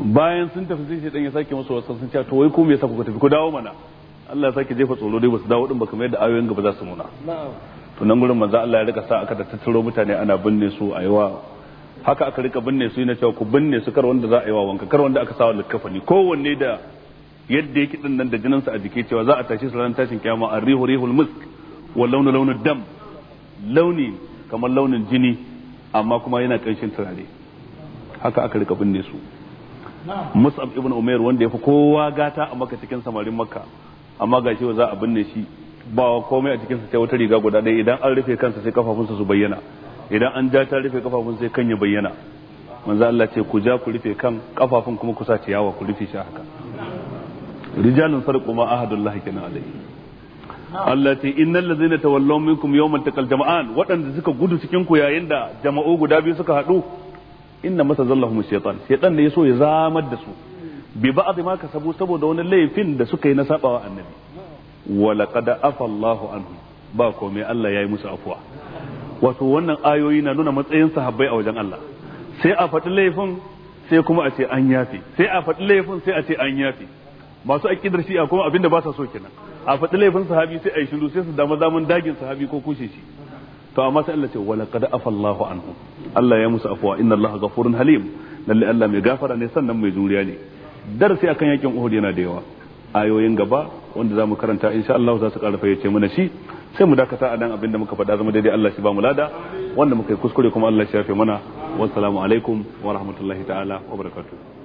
bayan sun tafi sai shaidan ya sake musu wasu sun ce to wai ko me yasa kuka tafi ku dawo mana Allah ya sake jefa tsoro dai basu dawo din baka mai da ayoyin gaba za su muna to nan gurin manzo Allah ya rika sa aka tattaro mutane ana binne su a yawa haka aka rika binne su na cewa ku binne su kar wanda za a yi wa wanka kar wanda aka sawa likkafani kowanne da yadda yake din nan da jinin sa a jike cewa za a tashi su ran tashin kiyama arrihu rihul musk wa launu launu dam launi kamar launin jini amma kuma yana kanshin turare haka aka rika binne su mus'ab ibn umair wanda ya fi kowa gata a maka cikin samarin makka amma ga wa za a binne shi ba komai a cikin sa sai wata riga guda ɗaya idan an rufe kansa sai kafafunsa su bayyana idan an ja ta rufe kafafun sai kan ya bayyana manzo Allah ce ku ja ku rufe kan kafafun kuma ku sa ciyawa ku rufe shi haka rijalun sarqu ma ahadullahi kana alai Allah ce innal ladzina tawallaw minkum yawmal taqal jama'an waɗanda suka gudu cikin ku yayin da jama'u guda biyu suka haɗu inna masa zallahum shaytan shaytan ne yaso ya zamar da su bi ba'd ma kasabu saboda wani laifin da suka yi na sabawa annabi wa laqad afa Allahu anhu ba komai Allah yayi musu afuwa wato wannan ayoyi na nuna matsayin sahabbai a wajen Allah sai a faɗi laifin sai kuma a ce an yafe sai a faɗi laifin sai a ce an yafe masu aƙidar shi'a kuma abinda ba sa so kenan a faɗi laifin sahabi sai a yi shiru sai su dama zaman dagin sahabi ko kushe shi to amma sai Allah ce wa laqad afallahu anhu Allah ya musu afwa inna Allah ghafurun halim lalle Allah mai gafara ne sannan mai juriya ne darasi akan yakin Uhud yana da yawa ayoyin gaba wanda zamu karanta insha Allah za su karfa yace mana shi sai mu dakata a dan abin da muka faɗa zama daidai Allah shi ba mu lada wanda muka yi kuskure kuma Allah shi ya fi mana wassalamu alaikum wa rahmatullahi ta'ala wa barakatuh